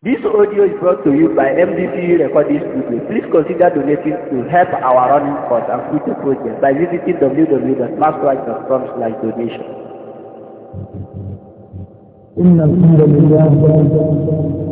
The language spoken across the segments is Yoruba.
This audio is brought to you by MDPU Recording Studio. Please consider donating to help our running costs and future projects by visiting www.maskwatch.com slash donation.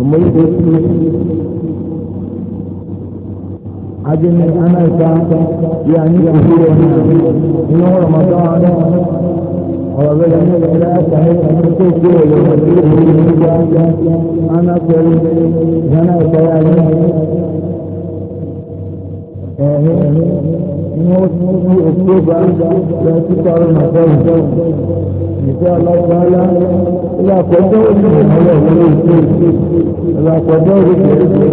ọmọ yìí tó kú ajẹmẹ anáìka yà ní òkú rẹ inú ọ̀rọ̀ màtá àná ọ̀rọ̀ bẹ́ẹ̀ lẹ́yìn ẹgbẹ́ ẹka ẹka tó kú rẹ lọ sí òkú rẹ nígbà anáfẹrẹ yàrá ìkọyà rẹ ẹhẹ ẹhẹ ní ó ti ní ètò ìgbà lọ sí sọ̀rọ̀ nàfẹ́ ìjọ ìfẹ́ ọlọ́gbọ́nlá ìlàkọ̀jọ́ òṣèlú ìmọ̀lẹ̀ ìwọlé ìṣe ìlàkọ̀jọ́ òṣèlú ìṣe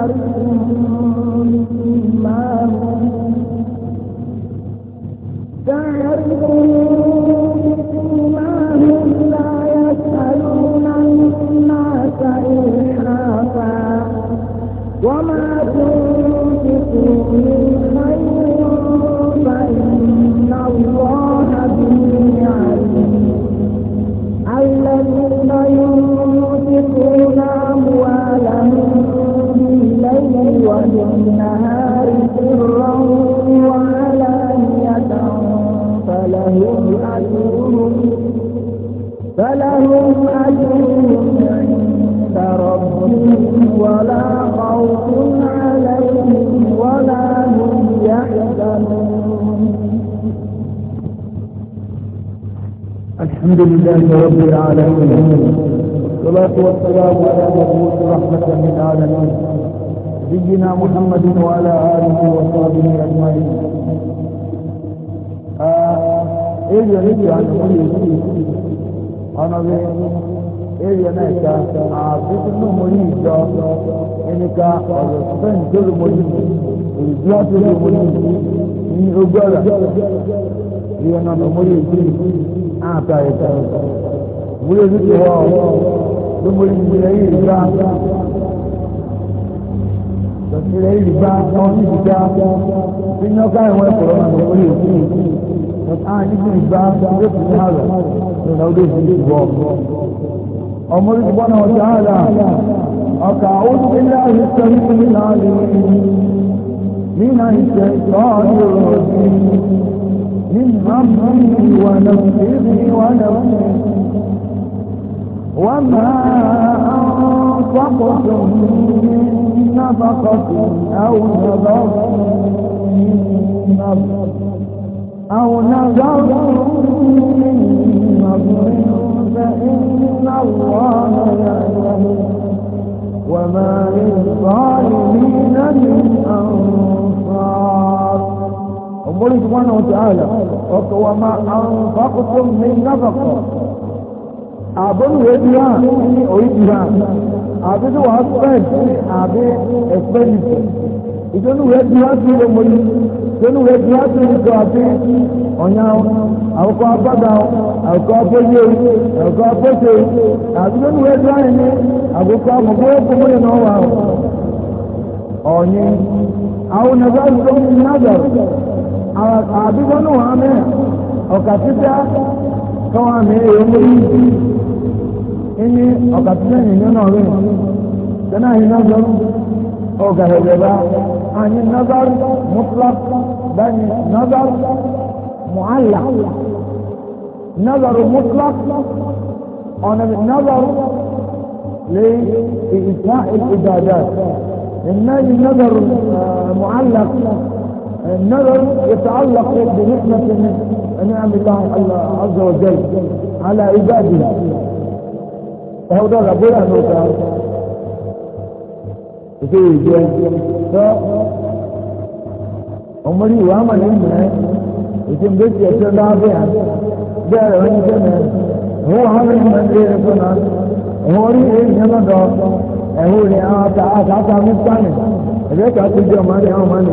يعرفون لله رب العالمين والصلاة والسلام على مبعوث رحمة للعالمين نبينا محمد وعلى آله وصحبه أجمعين إذا آه، إيه نجي عن كل شيء أنا أنا نجي عاصف إنه مريض أنا أرسلت كل مريض الجاهل إيه أنا من أجرة لأن المريض àtà ìta múlẹ̀ títí wọ́ ló mú ìgbìlẹ̀ yìí gbá ìgbìlẹ̀ yìí gbá wọn ní ìgbà tí ní ọkà ìwọ̀n ẹ̀kọ́rọ̀ máa lọ wọlé òkú a nígbà ìgbà ló kù ní àlọ́ lọ́dọ̀ ọdún ìdílé ìgbọ́ ọmọ orí ìgbọ́ náà ọjà àlà ọkà ó ti ilé sẹ́yìn fún mi náà lè rí mi náà ìṣẹ́ ìtọ́ ọdún ìrọ̀lẹ́ من أمره ونفسه ونفسه وما أنفقتم من نفقة أو نذر من أو نذر من نذر فإن الله يعلم وما للظالمين من أنفسهم مولي سبحانه وتعالى وما أنفقتم من نفقة أبن ويديها ويديها أبن وأسفل أبن أسفل ìjọ́nù rẹ̀ di wá sí ọmọ yìí ìjọ́nù rẹ̀ di wá sí ìjọ àti ọ̀yà àwòkọ́ abága àwòkọ́ abóyé àwòkọ́ abóṣe àti ìjọ́nù rẹ̀ di wá ní àwòkọ́ àmọ̀gbọ́ ọkọ̀ yẹn náà wà ọ̀yìn àwọn ọ̀nà bá ń sọ ní nàgàrọ̀. àbíkọ́nù wa mẹ́ ọ̀kà títà kọ́ wa mẹ́ èyí ọmọ yìí ẹni ọ̀kà títà yìnyín náà rẹ̀ sẹ́nà yìí náà sọ́rọ̀ ọ̀gà ẹ̀rẹ̀bá àní nazar mutlak bani nazar mu'alla nazar mutlak ọ̀nà nazar لإثناء العبادات إنما النظر معلق النظر يتعلق بنعمة نعم الله عز وجل على عباده فهو ده ربنا أنه تعالى وفيه جاي ف عمري وعمل إنه يتم بيت يتدعى بها جاء وإن كان هو عمل من غير صنع هو ريح إنما ده هو ريح آتا آتا آتا من ثاني ذلك أقول جمالي أو ماني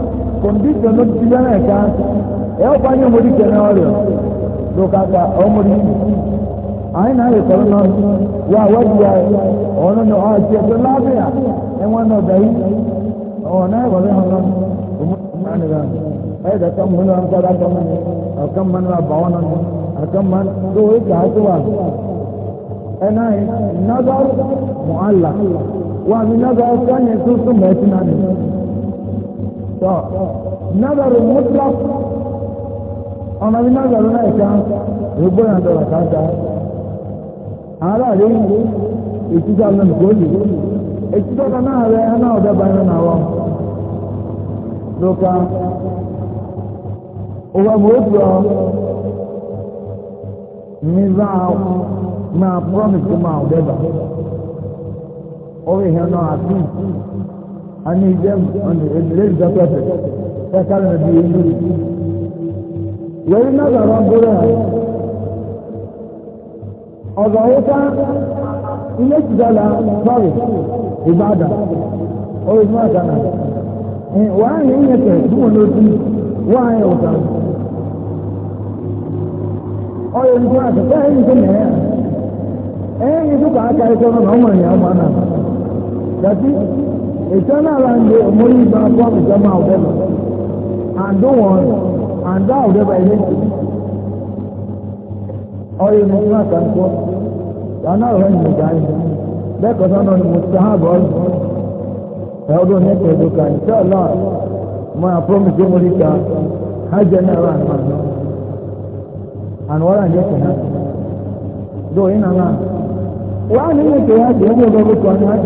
kọ̀ǹdíṣọ̀n ló ti bẹ́rẹ̀ ká ẹ̀ ọ́ bá yẹ mo rí kẹ̀rẹ́ ọ̀rẹ́ ló ká ká ọ́ mo rí àyìn náà yẹ kọ́rọ́ náà wà wájú wa ọ̀nà náà ọ̀ ti ẹ̀sọ́ lábẹ́yà ẹ̀ wọ́n náà dàí ọ̀nà ẹ̀ wọ̀lẹ́ hàn náà ẹ̀ dàtọ̀ mú náà ń kọ́ dàtọ̀ mọ́ ni ọ̀kan mọ́ náà bà wọ́n náà ni ọ̀kan mọ́ tó o kà á tó wà ẹ̀ náà yẹ nàgàrù mọ́ àlà wà mí nàgàrù sọ́yìn tó sún mọ́ ẹ̀ to nazarin mutlak ọmọ bí nazarin náà ìka gbogbo yàn dọ̀rọ̀ káàkà ara rẹ̀ ìtúta lọ́nà gbòòlì ìtúta kan otu ọ mmezi ahụ ọ and he them and raise the prophet. be. is another one go there? Ọ̀dọ̀ ọ̀ta ilé ìtìdọ́là sọ́rì ìbàdà orí fún àtànà. Wàá yẹ ń yẹtẹ̀ fún olóòtú wàá yẹ ọ̀tà. Ọ̀yọ̀ ní fún àtàkọ́ ẹ̀yìn tó nẹ̀ẹ́. Ẹ̀yìn tó kà á ka ẹ̀kọ́ náà ìtẹ́lẹ̀ ara ń de mórí ìgbà fún àmìsẹ́mà ọ̀dẹ́bà àdó wọn àdá ọ̀dẹ́bà ilé ọyẹ ní ọdún àtàkùn lánà ọ̀rọ̀ ìlú gáyé lẹ́kọ̀ọ́ sọ́nà ni mo ti sáhábà ọ̀rọ̀ ẹ̀ ọdún ní ẹ̀kọ́ ìlú ká ìtẹ́lẹ̀ mo yà promise mo rí ká hajj ní ara àná àná wọ́n rà ń jẹ́ kẹ̀hán dó iná náà wọ́n á ní ìkẹyà jẹ́ ẹgbẹ́ ọgọ́gọ́ kan ní hajj.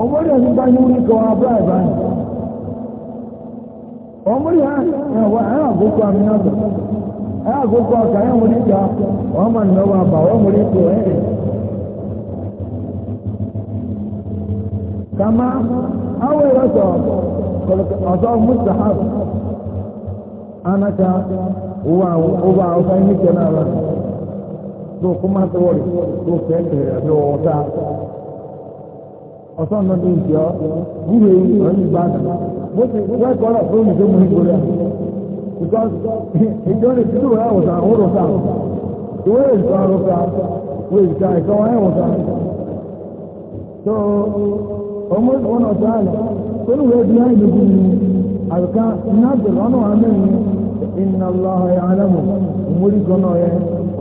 ọmọdé ọdún bá bụ orí kan abúlé ya ọmọdé ha ẹwà ya àgókò àmì ọdọ ẹwà àgókò ọkà ẹwà orí ìjà ọmọ ìnáwó àbá ọmọdé tó ẹrẹ kama ha ìrọsọ ọsọ mustahab anaka ụwa ụwa ihe kẹ náà lọ tó kọmá ọ̀sán náà ní ìjọ gúrò èyí ọ̀rọ̀ ní ìgbàdàn bó ti wẹ́ẹ̀kọ́ ọ̀rọ̀ tó ń gbé mú ìgbò rẹ̀ ìjọ lè ti dúró ẹ̀wọ̀n sàn òwúrọ̀ sàn ìwé ìsọ àrùn sàn ìwé ìsọ àìsàn ẹ̀wọ̀n sàn. tó ọmọ ìfọ̀nà sàn tó ní wẹ́ẹ̀ bí láì lójú ni àrùká nàbẹ̀ lọ́nà àmẹ́yìn iná lọ́hà ẹ̀ alẹ́mù ìmúrí gọ́nà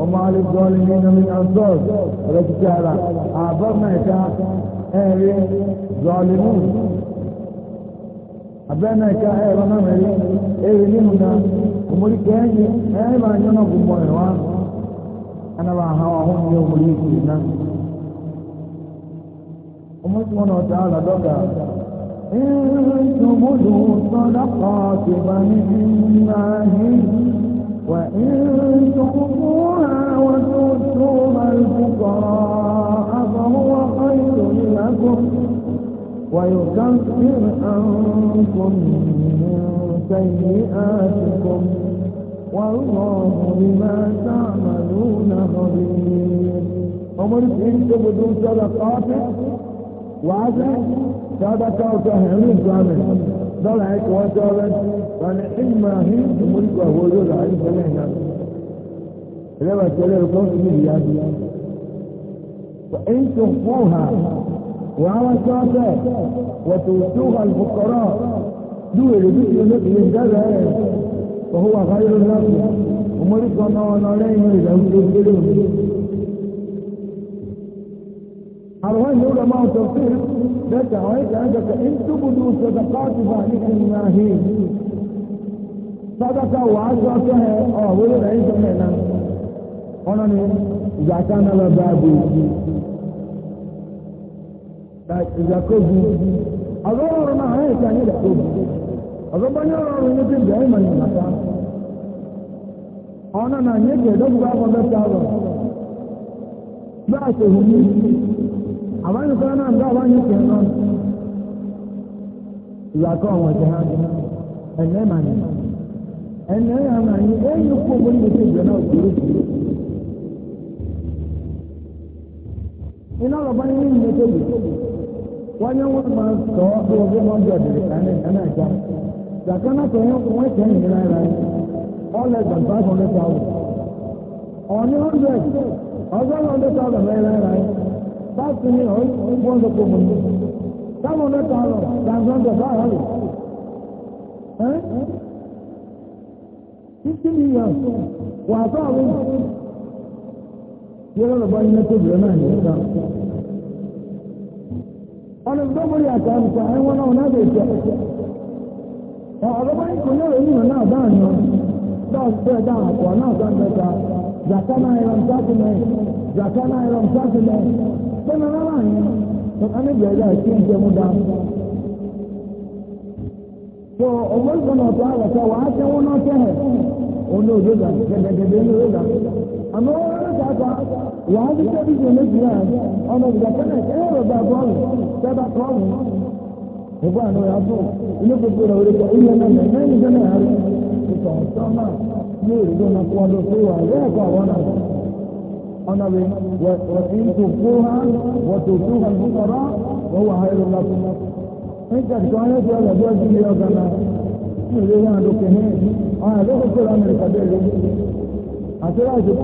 ọmọ alẹ́ gọ́ọ̀lì nínú mi àǹtọ́ọ̀ ọ̀rẹ́ ẹ̀rẹ́ zọlìmù abẹ́nà ẹ̀ka na náà mẹ́rin ẹ̀rẹ́ nínú náà òmòrí kẹ́yìn ẹ̀rẹ́ máa yọ náà gbogbo ẹ̀rọ wa anaba ha ọhún ní òmòrí ìkùrì náà òmòrí tí wọn náà ta ụmụ وهو خير لكم ويكفر عنكم من سيئاتكم والله بما تعملون خبير عمر إن تبدوا صدقات واسع صدقة وتهيئة كامل ضلعك وصلت اما هي تملك وجود عند نحن لما تلاقي القوم فإن تخفوها وعلى الشافع وتؤتوها الفقراء دول مثل مثل الجبل فهو غير لكم ومرض الله عليه لو تبدلون أروان ما تفسير ذات عائد عندك إن تبدوا صدقات فعليكم ما هي صدقة وعشرة شهر أه ولد عيسى معنى أنا zaka na lọ bá bò ìzàkóbi ọ̀rọ̀ ọ̀rọ̀ na ayé ìta yẹn dàkóbi ọ̀rọ̀ bá yẹn ọ̀rọ̀ yẹn ti bẹ̀rẹ̀ ìmọ̀ yẹn nàta ọ̀nà náà yẹn ti ẹ̀dọ́ gbogbo àwọn bẹ́ẹ̀ sáwọ̀ bá a ṣe kó iná ọ̀rọ̀bá ní ìlú méjèèjì wọ́n yẹ wọ́n máa sọ ọ́ bí wọ́n máa ń jọ ìdílé kan ní ìkànnì àjọ all less than five hundred 100,000 ọ̀ní hundred ọ̀sán hundred thousand náírà báàsì ní ọ̀hún fún ọ̀dọ̀ kò mọ̀ million yóò lọ́nà bá ní mẹ́tò bìrẹ̀ náà ní ọ̀sán. ọ̀nà gbọ́gbọ́rì àtàǹkà ẹ̀wọ̀n náà náà bèèrè tẹ̀. ọ̀rọ̀ bá ń kò náà èyí hàn náà dáa yàn dáa bẹ́ẹ̀ dáa àpò náà sáà mẹ́ta zàkà náà ẹ̀rọ nsáàtì mẹ́ zàkà náà ẹ̀rọ nsáàtì mẹ́ sọ́nà náà yẹn ọ̀nà bẹ̀rẹ̀ dáa kí n jẹ́ mu dáa. tó ọmọ ìkànnì ọ̀tọ̀ àwọ̀tọ̀ wàá tẹ́wọ́n náà tẹ́ dáadáa wàá ní sẹ́bí ìṣòro méjì náà ọmọ ìgbà kánà ẹ̀rọ ọ̀gá bọ́ọ̀lù sẹ́bà kọ́ọ̀lù ìbú àná ọ̀yà fún ilé gbogbo rẹ̀ oríkọ̀ ilé ẹ̀ka mẹ́rin ní sẹ́nà àárẹ̀ ìtọ̀ sọ́mà ní èrìgbò náà fún ọdún fún wa ilé ẹ̀kọ́ àwọn náà ọ̀nà rẹ̀ wọ̀tí tó fún wa wọ̀tò fún wa fún ọ̀rọ̀ wọ́n wà á yẹlò lọ́kùn nígbà tí wọ́n yẹ kí ọ̀rọ̀ bí ọdún ilé ọ̀gá náà ní ìlú wọn àdókè ní ọ̀rọ̀ àdókò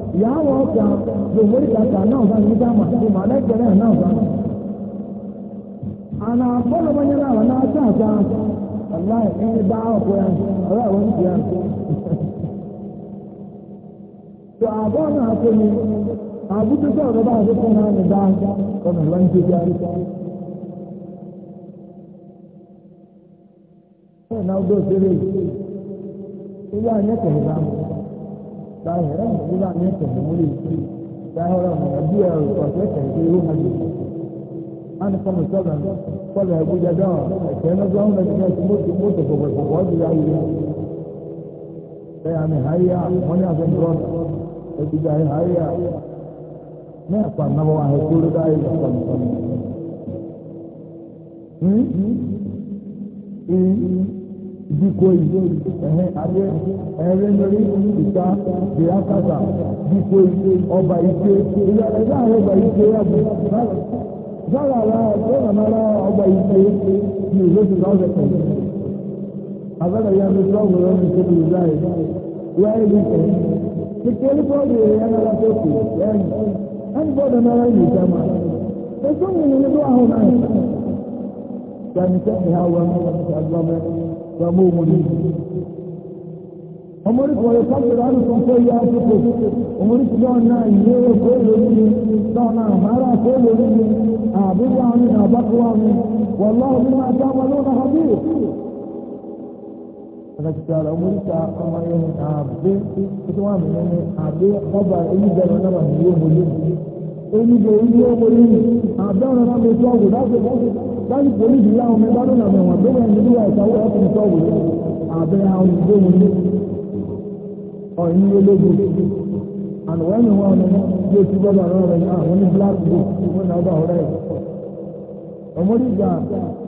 Ya ọ̀kà a ìtàkà náà bá ní na sí na náà bá. àná àpọ́lọmọnyẹ náà wà náà sáàtà aláì na bá ọ̀pọ̀ yẹn ọla àwọn ìdí ya tó àbọ̀ náà kò ní àbútú tó ọ̀rọ̀ bá àdúgbò náà ní dá ọ̀nà lọ́n ti jẹ́ ẹ̀ná ظاهرا إذا لم يكن مريد ظاهرا أبي أرقصك في روح الجسد أنا كم سبعا قال أبو جدار كان زهون الناس موت موت فوق وجه عيني يعني هيا هنا في الرد اتجاه هيا ما يقال نبوا عن كل ده يقال هم؟ إيه؟ Diko Iye, Ẹ̀hẹ́ Adé, Ẹ̀rẹ́nìrí, Ìta, Bìrákàtà, Diko Iye, Ọba Ike, ẹ̀dá àwọn ọba Ike yàgò. Sára ara ẹ̀kọ́ ìrànlára ọba Ike ni ìlóṣù láwùjọ kan. Àbẹ̀rẹ̀ ya mi sọ́ọ̀bù rẹ̀ ní ìṣẹ́bi ìlú láyé. Wẹ́ẹ́ ní ẹ̀. Kékeré bọ́ọ̀lù ẹ̀yà náírà tó kù ẹ̀yìn. Ẹni bọ́ọ̀lù náírà yìí jẹ́ máa. Èso yìí ni nínú àwọn náà. Gbàmísẹ́ ìhà wọn ní wọn ti àgbọ̀ mẹ́rin. ومؤمنين ومرك ويصدر عنكم سيئاتكم ومرك دعنا إليه كل مني دعنا هارا كل مني أعبد عني أبقوا عني والله بما تعملون خبير Anakitala bali polisi yao wamebado na wadogo ndio wasawa hapo mtoto abe hao ndio ndio au ni logo and when you want to go to the other way ah when black book when now ba hore ومرجع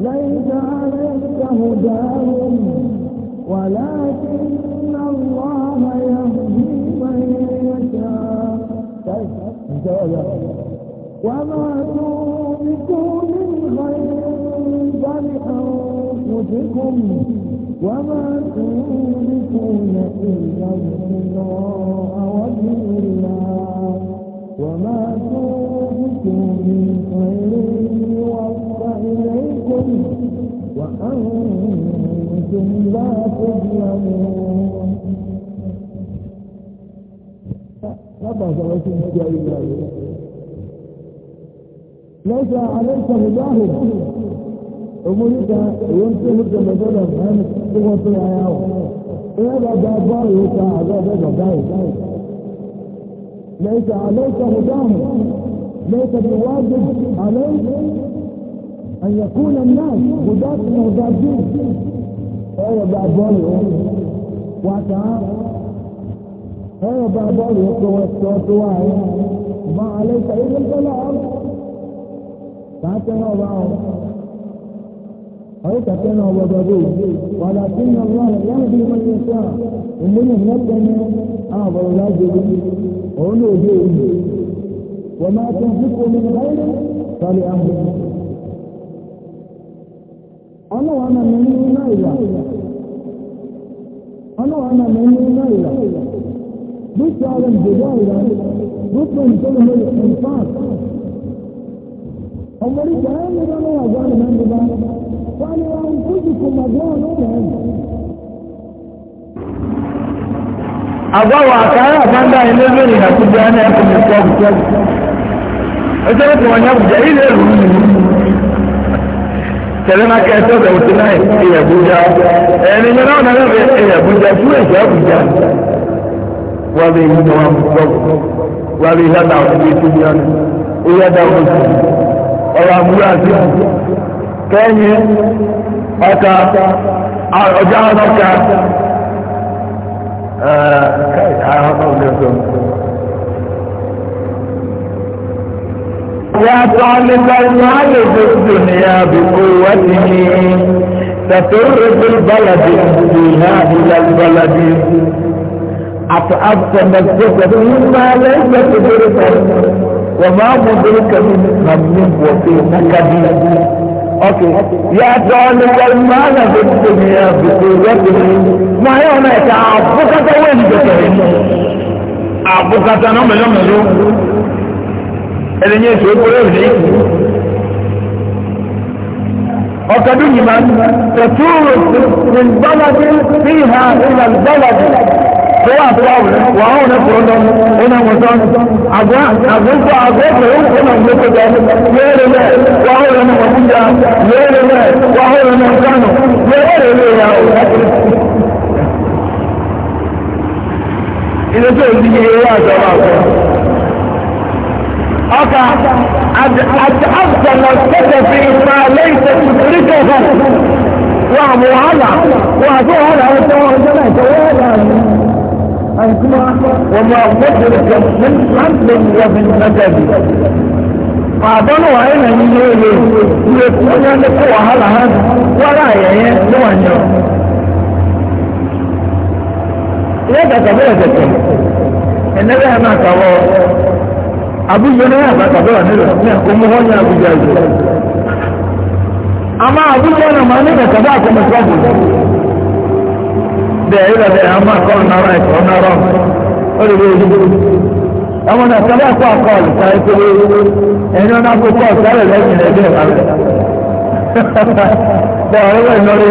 ليس عليك هداهم ولكن الله يهدي من يشاء. طيب انت وما تنفقوا من خير فلأنفسكم وما تنفقون إلا ابتغاء وجه الله وما تنفقوا من خير يوفى إليكم وأنتم لا تظلمون ربنا سبحانه وتعالى ليس عليك هداهم أمريكا ينسي هدى مدرة مهم تقوى في عياو إذا دابار يوكا عذاب إذا داو ليس عليك هداهم ليس بواجب عليك أن يكون الناس هداة مهدادين هذا دابار وتعالى هذا دابار يوكا وتوعي ما عليك إلا البلاغ فهكذا وضعه أو كان وضعوه ولكن الله يهدي من يشاء ومن هناك أعظم الواجب ونوجوه وما تنفق من غير فلأهله أنا وأنا من ليلة أنا وأنا من ليلة بس على الجدال بس من كلمة الإنفاق ọmọdé jẹ́ ẹni bá náà wà ní mẹ́rin bá wọ́n ní wọn kó sì kò mọ̀ gbọ́n ní mẹ́rin. àgbáwọ̀ àkàrà àbáńdá ilé lónìí àkùjọ ẹni ẹkùn mi kọ́ ọ̀bùjọ́ ọjọ́ tó wọ́n yẹn bùjẹ́ ilé ìlú mi tẹ̀lé náà kẹ́ ẹ̀sọ́ ọ̀sẹ̀ òtún náà èyí àbújá ẹni yẹn náà náà lọ́wọ́ èyí àbújá fún èyí àbújá wọ́n bẹ yí ni wọ́n bọ̀ wọ́n bẹ yí lọ́dà ọ̀sẹ̀ bíi túbí ọ̀nà ó yẹ dáwọ́ ọ̀rọ̀ àmúlò àti kẹ́yìn ọ̀ka ọjà ọ̀ka يا طالب المعرف الدنيا بقوته تفر بالبلد فيها إلى البلد أتعبت مسجد مما ليس بجرده وما مدرك من من وفيتك به اوكي يا طالب المال في الدنيا بقوته ما يومك عبك وين بتهم عبك تنام لهم لهم ẹlẹ́yìn ètò ìpínlẹ̀ òní ọ̀kadùn yìí máa ń tẹ̀túrò ní gbọ́lọ́dé fíhà ìlànà gbọ́lọ́dé kowa kowa wa hau na kuwa don ina musan abin ko abin ko yin kuna mutu da yere ne wa hau na mabuja yere ne wa hau na kano yere ne ya hau ilé tó ń díje eré àjọba àgbà ọkà àjọba tẹ̀sẹ̀ fi ìfà lẹ́yìn tẹ̀sẹ̀ rí kẹfà wà mọ̀ hàlà wà tó hàlà ó tẹ́wọ́ ọjọ́ náà tẹ́wọ́ hàlà ni. أن كما وما مدرك من حمل ومن مدد àbọ̀nù wa ẹ̀nà ní ilé ilé ilé tí wọ́n yán lẹ́kọ̀ọ́ wàhálà hàn wọ́rọ̀ àyẹ̀yẹ́ ló wà ní ọ. ilé ìdàgbà bẹ̀rẹ̀ tẹ̀tẹ̀ ẹ̀nẹ́rẹ́ ẹ̀ máa kàwọ́ àbújọ náà yàtọ̀ àtàbẹ̀rẹ̀ nílò ní ẹ̀kọ́ mú wọ́n yá àbújọ àjò. àmọ́ àbújọ náà máa ní ìdàgbà àkọ́mọ̀tò àbújọ bẹ́ẹ̀ yóò bẹ̀rẹ̀ àwọn akọ́rin náírà ẹ̀kọ́ náírà ó lè lóye dúró. àwọn ọ̀nà sábà kọ́ àkọọ̀lù ká ẹ pé ẹni ọ̀nà kó kọ́ ọ̀sálẹ̀ lẹ́yìn rẹ̀ bẹ́ẹ̀ máa bẹ̀. bẹ́ẹ̀ ọ̀rẹ́ wẹ̀ lórí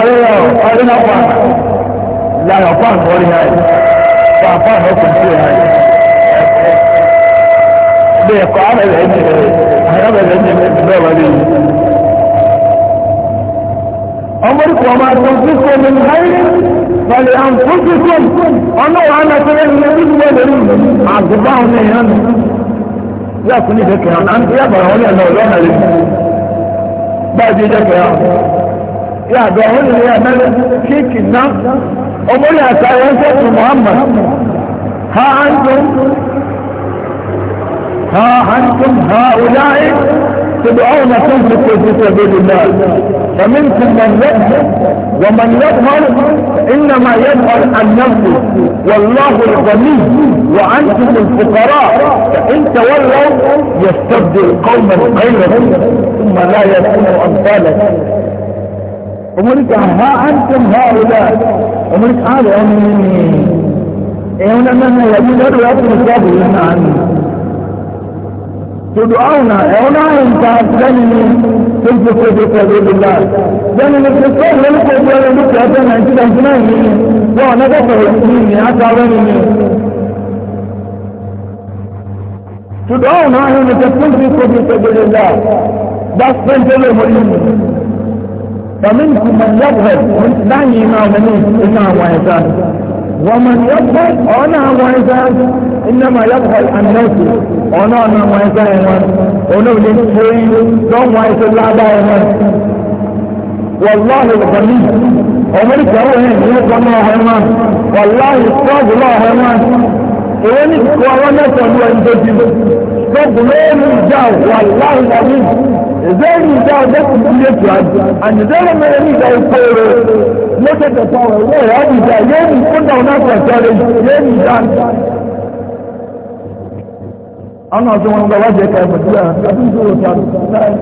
ọ̀rẹ́ ọ̀rẹ́ náà pa lára pa àkọ́rí náà pa pa àkọ́kùn sí ẹ̀ náà. bẹ́ẹ̀ kọ́ àbẹ̀rẹ̀ ẹ̀jẹ̀ rẹ̀ àyàbẹ̀rẹ̀ ẹ̀jẹ̀ rẹ̀ bẹ́ẹ̀ wọlé yìí ọmọdé kò máa tó kí kò ní láyé pẹ̀lú àǹfóṣìṣẹ́ ọ̀nà wà á nàkẹ́ ẹni ní ìdílé lórí àgùbá ọ̀nà ìyàn mi. yóò fún ìjẹ kẹyà náà ní yàgbọ̀rọ̀ wọn yàn náà lọ́nà rẹ̀ báyìí ìjẹ kẹyà yàgbọ̀ wọn yàn náà mẹ́rin kíkì náà ọmọdé àtàwọn ẹ̀ṣẹ́ tó muhammad ha antum ha antum ha ọ̀dáyé. تدعون تنفقوا في سبيل الله فمنكم من يظهر ومن يظهر انما يظهر عن نفسه والله الغني وانتم الفقراء فان تولوا يستبدل قوما غيرهم ثم لا يكونوا امثالكم أمريكا ها أنتم هؤلاء أمريكا هذا أمين إيه هنا من يجب أن يكون صابر عنه تدعونا هنا انت عبدالي تنفق في سبيل الله لأن الاستثار لنفق ولا نفق أتنا أنت أجمعني وأنا دفع مني أتعبني تدعونا هنا تنفق في سبيل الله بس بنت المؤمن فمنكم من يظهر من دعني ما منه إنه وإنسان ومن يبخل أنا وإنسان إنما يبخل عن نفسه أنا أنا وإنسان أنا ولنسوي دون وإنسان لا دائما والله الغني أمريكا هو هنا يبقى الله هنا والله يصاب الله هنا إيراني كوانا كوانا كوانا كوانا كوانا كوانا ìbéèrè ìjà ọjọ́ kò tún lè tù àjù àjùdẹ́rẹ́ mẹ́rin ní ìjà ìkó rẹ̀ lókè tẹ̀tọ̀ ọ̀rọ̀ rẹ̀ ọ̀dì ìjà yé ní kúndà ọ̀nà pẹ̀tọ́ rẹ̀ yé ní ìjà. ọ̀nà ọ̀sẹ̀ wọn gba wájú ẹ̀ka ìmọ̀dúrà ọdún tó wọ́n sáré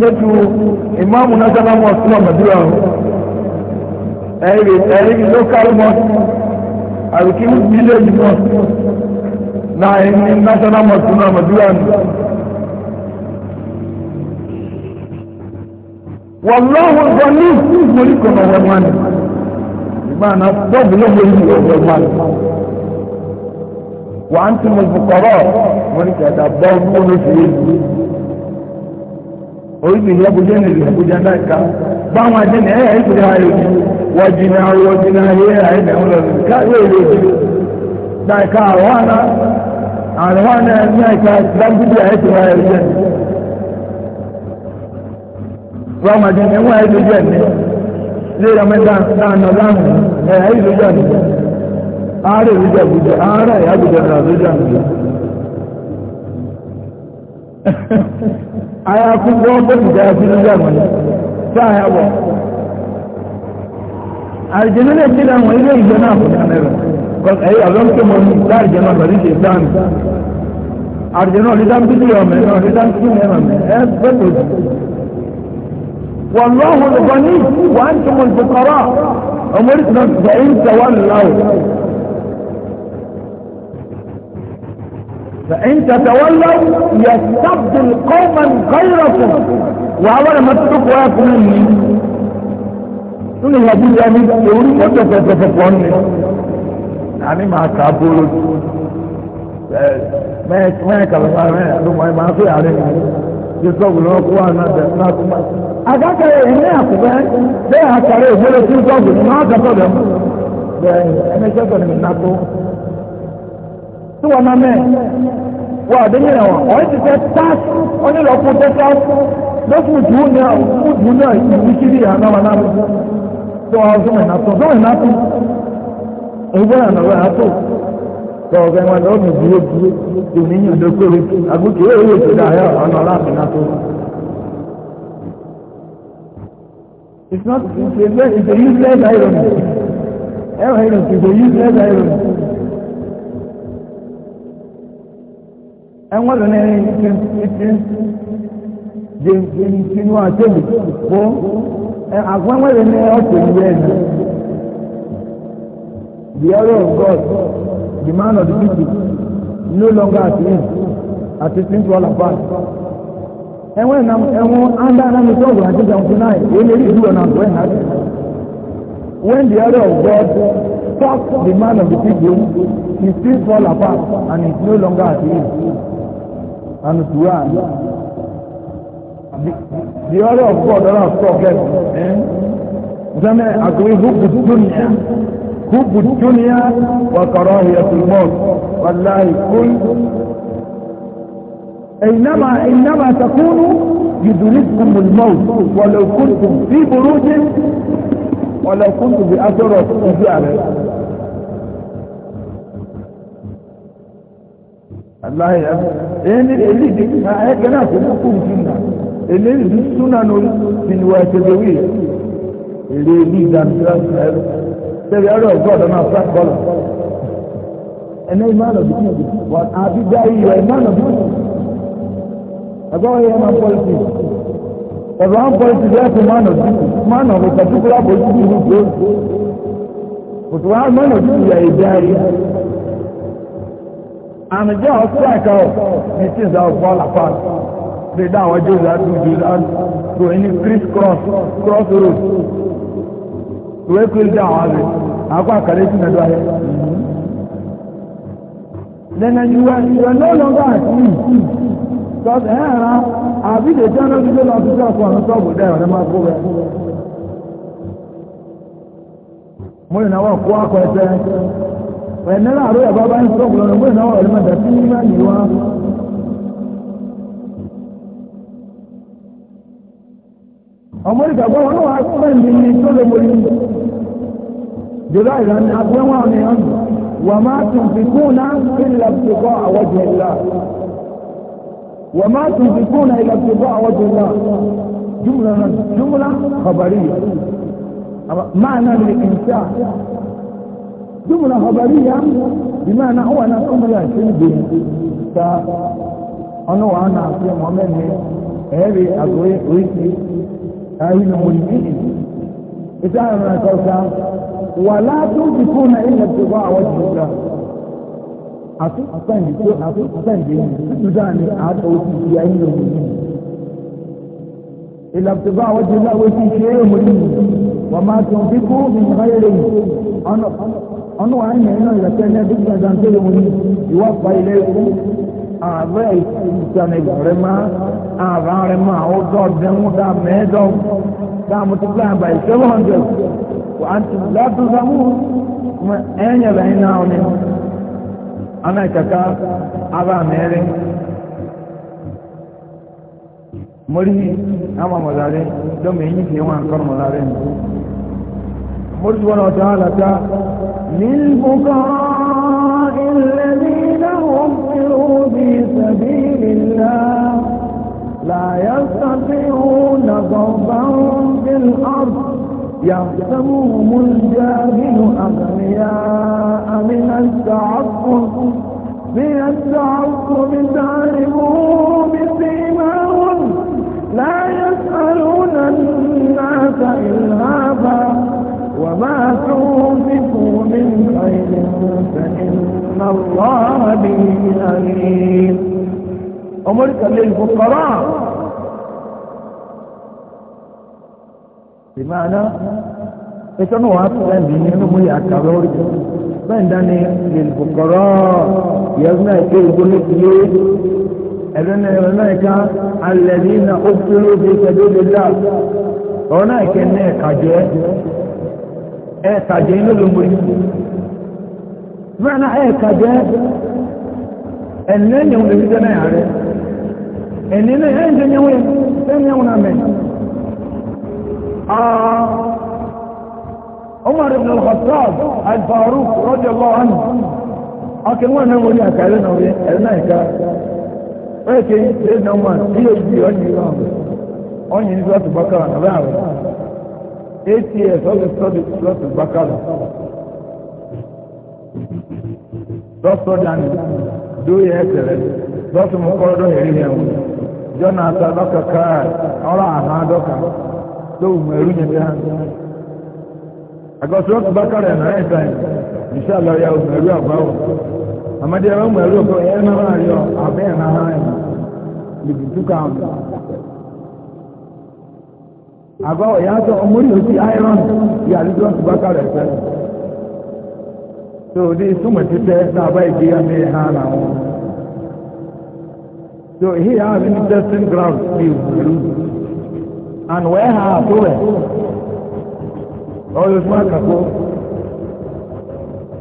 lẹ́tù ìmáàmù national mosque náà mọ̀dúrà ẹ̀rì ẹ̀rì local mosque àrùkí village mosque náà ẹ̀rì national mosque náà wàlọ́wọ́ ọgbọ́n ní ìmọ̀lì kan ọ̀rọ̀ máa nì ìgbàna bọ́ọ̀bù ló wọlé ọ̀rọ̀ máa nì wà á ń tún mọ̀lù kọ̀rọ̀ wọ́n ní kẹta bọ́ọ̀bù olóṣèlú oríṣiríṣi ẹgbẹ́jẹ́ ní ìrìnàbújá dáìka báwọn ajé ní ẹ̀yà ìṣẹ̀lẹ̀ ayé ojú wọ́n jìnnà wọ́n jìnnà ayé ayé lẹ́wọ́n lọ sí káwé ìlú ojú dáìka àwọn àná àwọn àná ẹ̀yà ìṣẹ̀lẹ̀ ayé ojú ramadan ẹ̀ wọ́n àìlójú ẹ̀ ní ilé ramadan dáná lánàá ẹ̀ àìlójú ẹ̀ ní ààrẹ ìlójú àbújá ààrẹ ìyàbújá náà lójú àbújá. àyà fún wọn bó ti dáa sí lójú àbújá sí àyà wọ̀. àrìjẹ́nú lè ti dáhùn ilé ìjọ náà fún ìdáná rẹ̀ kọ́sì ẹ̀yà lọ́n tó mọ́ ní láàrìjẹ́ náà lọ́rí ṣe sáàmì. àrìjẹ́nú ọ̀rí dáńtú sí ọmọ ẹ̀ ọ̀rí والله الغني وأنتم الفقراء أمرتنا فإن تولوا فإن تتولوا يستبدل قوما غيركم وأولا ما تتركوا يكون مني tún ìwà bí ìyá mi orí mọ́tò fẹ́fẹ́fẹ́ pọ̀ ní. Àní máa kà á bóró jù. ìsọ̀bù náà kó wà náà kúmá. Àgákẹ́rẹ́ ìní àkùbẹ́ bẹ́ẹ̀ àkàrẹ́ ìgbélé sí ìsọ̀bù máa dàtọ̀ dẹ̀ mú. Bẹ́ẹ̀ni ẹni sẹ́kọ̀ ni nà tó. Tí wọ́n máa mẹ́ wọ àdéhùn yẹn wọ̀ ọ̀yẹ́ ti fẹ́ tás onílọ̀kú tẹ́ tás lọ́sùn jù ú ní àwọn náà ìlú kiri àná wa náà tó wà ọdún ọ̀gá ẹ̀wọ̀n lọ́wọ́ mi dúró dúró kò ní yàn àbúkè ó yẹ kó dà ọ̀nà aláàfin tó. It's not it's a, it's a useless iron. Ẹ̀rọ iron is a useless iron. irony. Ẹ̀wọ̀n lọ ní ẹni tí tí tí tí inú àtẹ̀lẹ̀ fún àgbọ̀nwẹ̀rẹ̀ ní ọ̀sẹ̀ ìwé ẹ̀dùn. The arrow of God the man of the people no longer at him at his things all apart ẹwọn ẹnam ẹwọn anda anam sọ wọn àti jamfun náà wọn lè rí ìlú ọ̀nà àgbẹ̀ ha when the area of God talks the man of the people he still fall apart and he is no longer at him and to am the the area of God ọ̀nà àti sọ̀kẹ́ ẹ̀ ǹjẹ́ mẹ́ àgbẹ̀ ìhùkù tó nìyẹn. حب الدنيا وكراهية الموت والله كل إنما إنما تكون يدرككم الموت ولو كنتم في بروج ولو كنتم بأثر إجارة الله يعلم يعني اللي دي كنا كنكم جنة اللي دي السنن بالواتدوية اللي دي دان sẹ́bi ọ̀rọ̀ ọ̀gọ́dọ̀ náà fẹ́ kọ́lọ̀ ẹ̀nẹ́ ìmáàlọ̀ bí kí ọ̀dọ̀ wọn àbí dá iyọ̀ ìmáàlọ̀ bí wọ́n ẹ̀gbọ́n wọn yẹ máa pọ́lìtì ẹ̀gbọ́n wọn pọ́lìtì bí ẹ̀kú máàlọ̀ bí máàlọ̀ bí pàtíkúlà bó ti dùn tó kòtò wọn máàlọ̀ bí ìyà ìdá yìí àmì jẹ́ ọ̀sẹ̀ àkọ́ ní tí ìzà ọ̀pọ̀ làpá lè dá àwọn jẹ́ ìzà tó jù lánàá tó ẹni criss cross cross road wee kiri dị awa abịa akwa akara esi na dọọ then you were no longer at sea because ẹ eh, hàn àbí the channel ti dé lọ sí ṣọ́ọ̀kù ọ̀nà ṣọ́ọ̀bù dẹ́ ọ̀nà máa kó rẹ̀ mo yìí náwó kó akọ ẹsẹ̀ ẹ̀ nílẹ̀ ẹ̀ bá bá ń lọ́nà mo yìí náwó sí ọmọ ìgbàgbọ́ wọn wà pẹ̀lú ní tó lè mọ̀ jùlọ ìlànà àgbẹ̀wọ̀n ni wọn wà máa tún fi kún náà sí ìlàkùkọ àwọ̀jù ìlà wà máa tún fi kún náà àwọ̀jù kọ̀bàrí máa náà lè kì í sá kọ̀bàrí yá bí máa náà wà náà ta ọ̀nà wà náà fi àgbẹ̀ oríṣi أهل ملكهم إتعلم أن ترسل ولا تنفقون إلا ابتغاء وجه الله àtúntàn yìí àtúntàn yìí nígbà ní àtọ̀ òsì ìyá yìí lòun yìí. ìlàbùtùbá àwọn ti láwọ sí ṣe é mú yìí wọ́n máa tún fi kú nǹkan yẹlẹ yìí ọ̀nà wà ní ẹ̀yìn ìrẹsẹ̀ ní ẹ̀dínkù ẹ̀dá ń tẹ̀lé wọn yìí ìwà pa ilé ẹ̀kú ààrẹ ìsànà ìgbà ààrà rẹ̀ mọ́ àwọn dọ́ọ̀dẹ́wọ̀n dá mẹ́ẹ̀ẹ́dọ́wọ̀n dá multiply by seven hundred wà á ti látún sámú ẹ̀yìn rẹ̀ iná ọ̀nẹ́ ọ̀nà ìkàkà ara mẹ́rin mori ama mọ̀láre dọ́mọ èyí fi wọn kọ́ mọ̀láre nù mori tí wọn náà tán àlàtà nílùkọ́ ilẹ̀ ní náà fi rú bí sàbí ìlànà. لا يستطيعون ضربا في الأرض يحسبهم الجاهل أغنياء من التعصب من التعصب تعرفوه بسيماهم لا يسألون الناس إلهابا وما تنفقوا من خير فإن الله به أليم أمرك للفقراء بمعنى إتنوا أصلا دينينا مي أكبر بين داني للفقراء يزنا كي يقول لك أذن هناك الذين أبطلوا في سبيل الله هناك هناك أجل ẹ̀ẹ̀ta jẹ́ inú ló múrí mẹ́rin ẹ̀ẹ̀ta jẹ́ ẹ̀nẹ́yìn olùdíjẹ́ náà rẹ̀ enene enje nyewe sema yangu na mimi ah Umar ibn al-Khattab al na na onye bakara ATS all the study watu jọna ata dọka kaa ọrụ aha adọka tóun mu eru ya ha agọsọ ọtụba kara ya nara ịta ya inshala ya mu eru abawo amadi ya mu eru abawo ya nara arịọ abịa na ha ya bibi tuka ahụ abawo ya atọ ọmụrụ ya osi iron ya adịdị ọtụba kara ya so dị sumụ tete na aba ike ya mee ha na ọnwụ. So he has interesting grounds to use. And where have to wear? All those mark I go.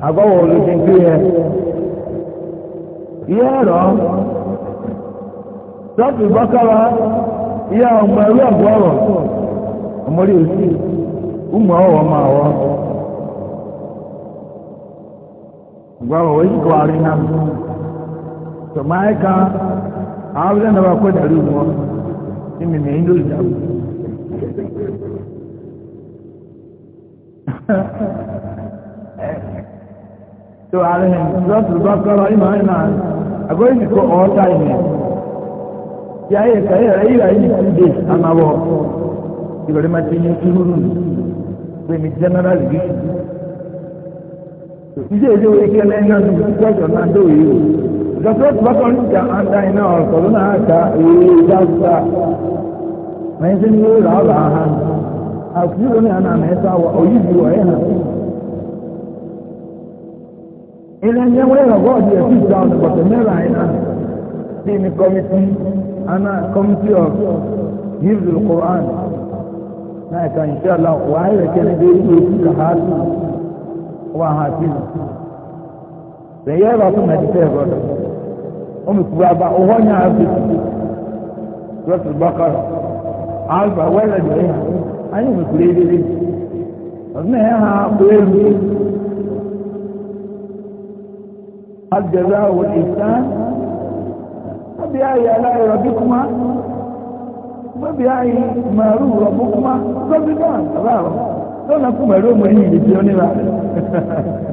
I all those things here. Yeah, no. Sọ́ọ̀tù bọ́kọ́lá ìyá ọmọ ẹ̀rú ẹ̀gbọ́ ọ̀rọ̀ ọmọdé òsì ụmụ ọghọ ma ọghọ ngwa ọghọ ejikọgharị àwọn ẹ̀nà wa kọ́ dàrú wọn ní mímẹ́ ìlú ìdàrú tó ààrẹ ẹ̀ lọ́tù bá kọ́rọ̀ ìmọ̀ ìmọ̀ àgọ́ ìsìnkọ́ ọ̀ọ́ta ìmẹ̀ tí ayé kàyé rẹ̀ ìrà yìí ti dé àmàwọ̀ ìrọ̀lẹ́ máa ti yín ìhúrù pé mi general rí ìdí èdè orí kẹlẹ́ náà ní ìgbàjọ̀ náà dóòyè o. Gọ́sọ́tù bọ́kọ̀ ní ìjà àndá iná ọ̀sọ̀ ló náà ká èyí dáadáa. Mẹ́yìn tí ní ìlà ọ̀là ha. Àfúrò ní àná mẹ́ta wà òyì ju ọ̀yẹ́ hàn. Ilé ẹni ẹwọ́ ẹ̀rọ bọ́ọ̀dù ẹ̀ sí ìjà ọ̀nà bọ̀tẹ̀ mẹ́ra iná. Bí ní kọ́mítì, àná kọ́mítì ọ̀ Yíìlú Kùrán. Náà ẹ̀ka ìṣẹ́lá wàá rẹ̀ kẹ́ni dé ilé ìtúkà Bẹ̀yẹ́ ẹ̀rọ ọ̀tún mẹ́tẹ́ẹ̀ gbọ́dọ̀. o mepụrụ hụye anyị ọ e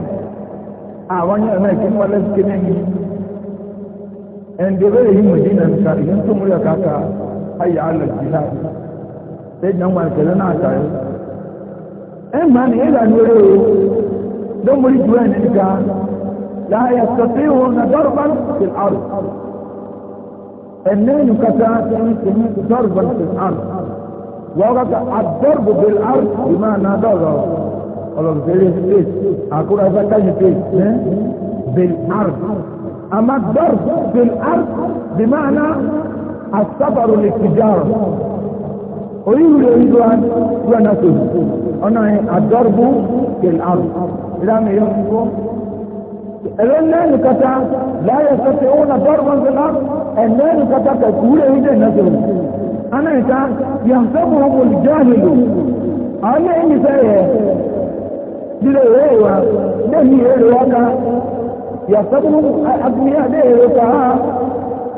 àwọn yẹn náà kí n wọlé sí ní ẹ̀yìn ẹ̀ǹdẹ̀rẹ̀ yìí mú dín náà nǹkan ìyẹn tó múlẹ̀ kàkà ayé alẹ̀ jìlá ṣẹ́jì àwọn ìṣẹ̀lẹ̀ náà tàyẹ̀ ẹ̀ máa ní ìlà ní orí o lọ́mọrí ju ẹ̀ nìka láàyè sọ̀tí wọn na dọ́rọ̀bá ti kàtà ti ń sìn dọ́rọ̀bá ti àrùn wọ́n kàtà àdọ́rọ̀bá ti àrùn ìmáà náà dọ́rọ̀ ọlọ́gbẹ̀rẹ̀ ṣe àkúrà ìfẹ́kẹ́yìn pé bilhard àmà dọ́r bilhard bí máa ná asábàrò lè ti dára oríire ìlú àdúrà tó ọ̀nà àdọ́rbù bilhard ìlànà ìyọ́ fífọ́ ẹlẹ́nẹ́nu kata láyé sọ́tẹ̀ òun náà dọ́rọ̀bọ̀n bilhard ẹlẹ́nu kata kẹkùúrẹ̀ ìdẹ̀ náà tó ana ìta yàtọ̀ bọ̀ wọn kò jáde lò àwọn ẹ̀yìn fẹ́ yẹ lílo ìwé ìwà lẹ́yìn ìwé ìwé ọ̀ka yàtọ̀kùn abúlé adé ìwé ọ̀ka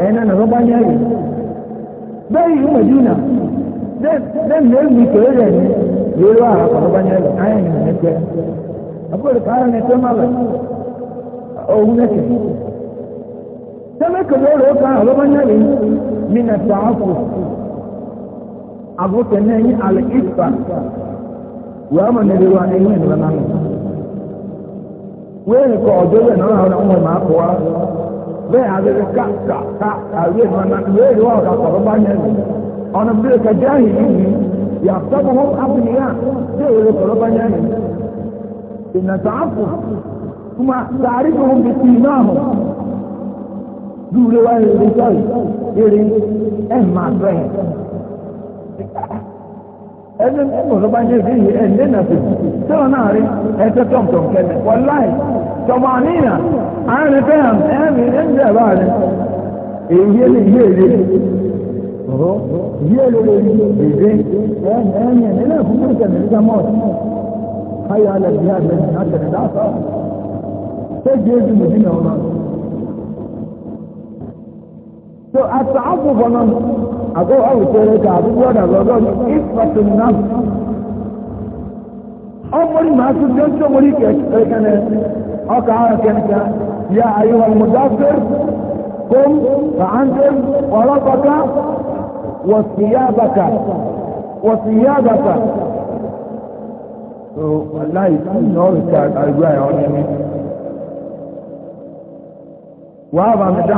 ẹ̀yìn náà lọ́ba ní ayé bẹ́ẹ̀ ìwé mẹ̀dínà lẹ́yìn ìwé ìwé ìkéré rẹ̀ ní ìwé ìwé àràpà lọ́ba ní ayé ayé ní ẹgbẹ́ àbúrò káyọ̀ ní ẹgbẹ́ mọ́lẹ̀ ọ̀hún ẹ̀kẹ́ sẹ́mẹ́kẹ̀ lọ́rọ̀ ọ̀ka lọ́ba ní ayé mí nà tó àkùn àbúkẹ́ wàá mọ̀ níbi wa ẹ̀yìn ìlú náà nù. wéèrè kọ ọ̀dọ́ yẹn náà àwọn ọmọ ìmọ̀ àpò wa bẹ́ẹ̀ àbẹ̀rẹ̀ ká ká ká àwẹ̀ ìmọ̀ náà wéèrè wà ọ̀dà sọ̀rọ̀ bá yẹn nù. ọ̀nà bíi kẹjẹ àyìn yìí yà sọ́kọ̀ wọn àbìyàn tí èwèrè sọ̀rọ̀ bá yẹn nù. ìnàtà àpò kuma tààrí fún mi ti náà hàn dúró wáyé ìrìn sọ́yìn ìrìn ẹ̀ máa bẹ́ẹ̀ ẹgbẹ́ mọ̀ ló bá ń ṣe fi yìí ẹ̀ lẹ́nà fi sọ̀rọ̀ náà rí ẹsẹ̀ tọ̀mtọ̀m kẹlẹ̀ wọ́n láì tọmọ àníyàn àárín fẹ́ràn ẹ̀mí ẹ̀mí ẹ̀rọ rẹ̀ èyí lè yí èrè yí èrè lè yí èdè ẹ̀mí ẹ̀mí náà fún kúrò kẹlẹ̀ nígbà mọ́ ayọ̀ alẹ́ bí i àgbẹ̀ àtẹ̀lẹ̀ dáàtọ̀ so asa akwụkwọ nọ agụ ọ wutere ka akwụkwọ dara ọgọ m ịkpọtụ na ọ mụrụ ma asụ dị ike ekene ọka ahụ kenka ya ayụwa mudafir kum ka warabaka wasiyabaka wasiyabaka so wallahi na ka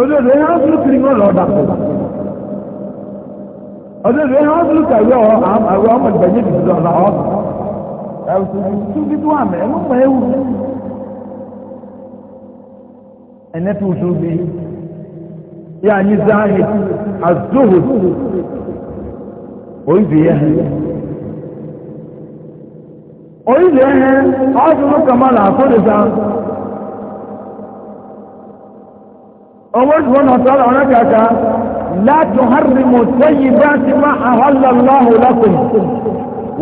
òdòdó ihe ọdúnkiri ní ọ̀nà ọ̀dàpọ̀ òdòdó ihe ọdúnkiri àwọn ọmọ ìgbẹ̀yẹ bìbìdì ọ̀nà ọ̀dà ẹ̀wùsùnjú àmì ẹ̀mú mọ̀ ewu ẹ̀nẹ́ tó tó bí yà ní ọzọ àzóhò òyìnbí yẹ òyìnbí yẹ na ọwọ́ ìṣòwò náà sọ́ra ọ̀nà kàkà láti harimu sẹ́yìn bá ti má àhálàláhù lọ́kùn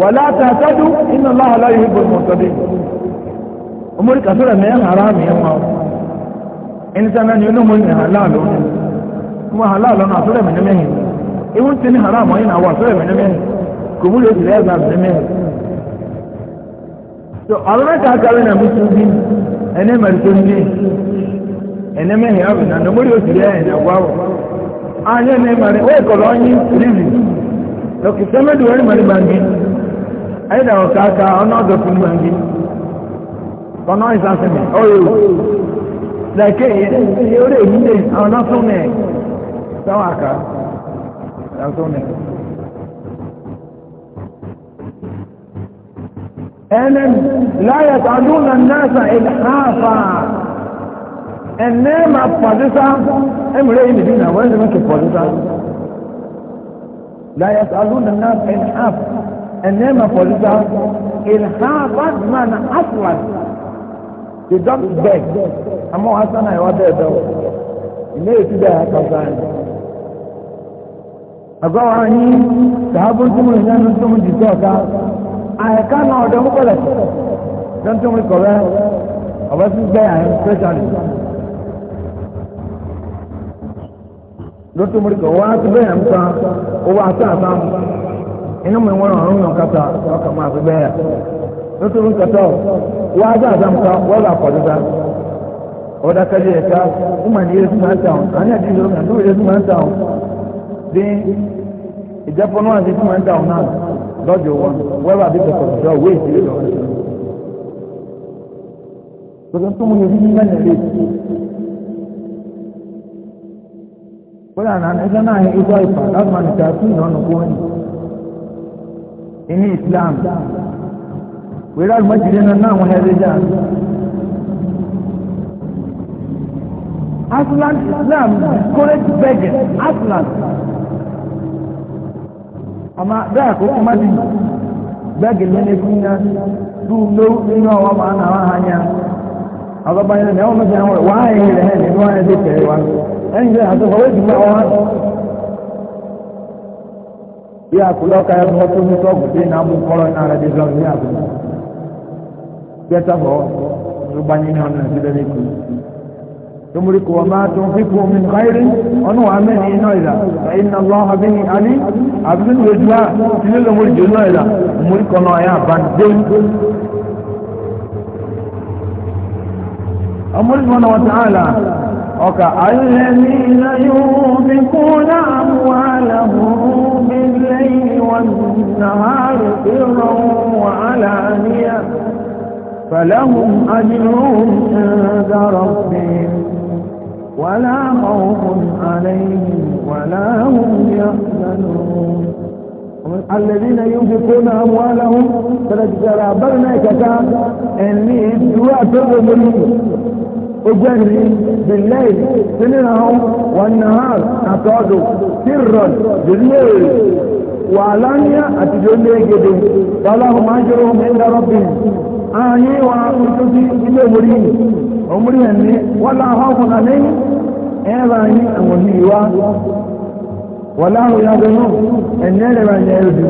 wà láti àtọ́jú iná láhù láyé ìbò mọ̀tọ́dé ọmọ ìkàtọ́ rẹ̀ mẹ́rin ara mi wọn ẹni sáná ni olómo ní àhálàlú mọ àhálàlú náà sọ́rẹ̀ mẹ́rin mẹ́rin ewu ti ní haram ọ̀yìn náà wà sọ́rẹ̀ mẹ́rin mẹ́rin kò múlò sí lẹ́ẹ̀dà mẹ́rin mẹ́rin ẹ̀nẹ́mẹ́hìn ààbò náà na òsì rẹ̀ ẹ̀yìn àgbáwọ̀ ayé ní ìmọ̀rẹ̀ ó ìkọ̀lọ̀ ọyìn rírì lọ́kì sẹ́mẹ́dù wẹ́rì mọ̀rẹ̀ gbàngí ayédàwọ̀ ọ̀nà ọ̀dọ̀ fún ọ̀nà ìsàsẹ̀mẹ̀ ọ̀yọ̀ lẹ́kẹ́ eré ìdílé ọ̀nà súnmẹ̀ sáwọn àkà ẹnẹ máa pàdé sá ẹmìrẹ yìí nìdí náà wọn ẹni mẹkẹ pàdé sá láyà sàlù nana ẹnhàf ẹnẹ máa pàdé sá ẹnhàf adùnmá na aslan the dog beg àmọ hasan àyẹwò abẹ ẹdọ ilé ètí bẹẹ àtọ sáyẹn àgbáwá yín sàábùn tó mú ìyá tó mú jìtọ ọ̀tá àyẹ̀ká náà ọ̀dọ́ mú kọlẹ̀ tó ń tó mú kọ̀rẹ́ ọ̀bẹ tó gbẹ àyẹ̀wò lótú mu kò wá tó bẹ́ẹ̀ nípa owó àti àtàmù inú mi wọ́n rán yàn kata ọkà máa fi bẹ́ẹ̀ lótú mu kàtọ́ wá àti àtàmù ká wọ́n bá kọ̀ dídá ọ̀dà kájí ẹ̀ka ọmọ ní yéésù máa ń tà wọn àní àti ìlú ọ̀nà lórí yéésù máa ń tà wọn bí ìjẹ́pọ̀ náà àti yéésù máa ń tà wọn náà lọ́jọ́ wọn wọ́n bá bí kọ̀kọ̀ dídá òwe ìṣèlú lọ́wọ́ kódà náà ẹgbẹ́ náà ikọ́ ìfà láti máa nìta fún ìnáwó kóyìn inú islam wíwá ìmọ̀jìlé náà náà wọ́n ẹgbẹ́ jà. aslan islam courage begging aslan ọmọ bẹ́ẹ̀ àkókò má di begging ní ẹni fún yá dùn lówó nínú àwọn ọmọ àná àwọn àhányá ọgọ́bá yẹn ní ọmọ mẹ́ta wọn wà á yẹ rẹ̀ ẹ̀ nínú àwọn ẹgbẹ́ tẹ̀lé wa ẹ̀yìn jẹ́ àti ọ̀rọ̀ ìjùmọ̀ wọn. bí àkùlọ̀ ọ̀ka ẹ̀ mọ́ tó ní sọ́ọ̀bù dé náà mú kọ́rọ̀ náà rẹ̀ dé sọ́ọ̀bù ní àkùlọ̀. bẹ́tà bọ̀ ló bá yín ní ọ̀nà ìdílé ní kù. tumuri kò wọ́n máa tún fífò mi káyìrí ọ̀nà wà mí ní iná ìlà ẹ̀yìn náà lọ́ àbí ní alí àbí ní ojú à sílé lọ́mọ ìjọ náà ìlà múrí kọ́nà ayé àbáńdé. ọmọ ìgbọ́n náà wọ́n ti وكأن الذين ينفقون أموالهم بالليل والنهار سرا وعلانية فلهم أجرهم عند ربهم ولا خوف عليهم ولا هم يحزنون الذين ينفقون أموالهم فلتجرى برنا كتاب إني دعاء تغفرين اجري بالليل سنهم والنهار اتادو سرا بالليل وعلانيا اتجولي جدي فلهم اجرهم عند ربهم اني وعقلتي الى مريم عمري اني ولا خوف عليهم ايضاني امهيوا ولا هو يظنون ان لما يلزم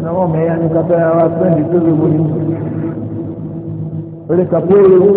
انا ما يعني كفايه واسندي كل مريم ولك قولوا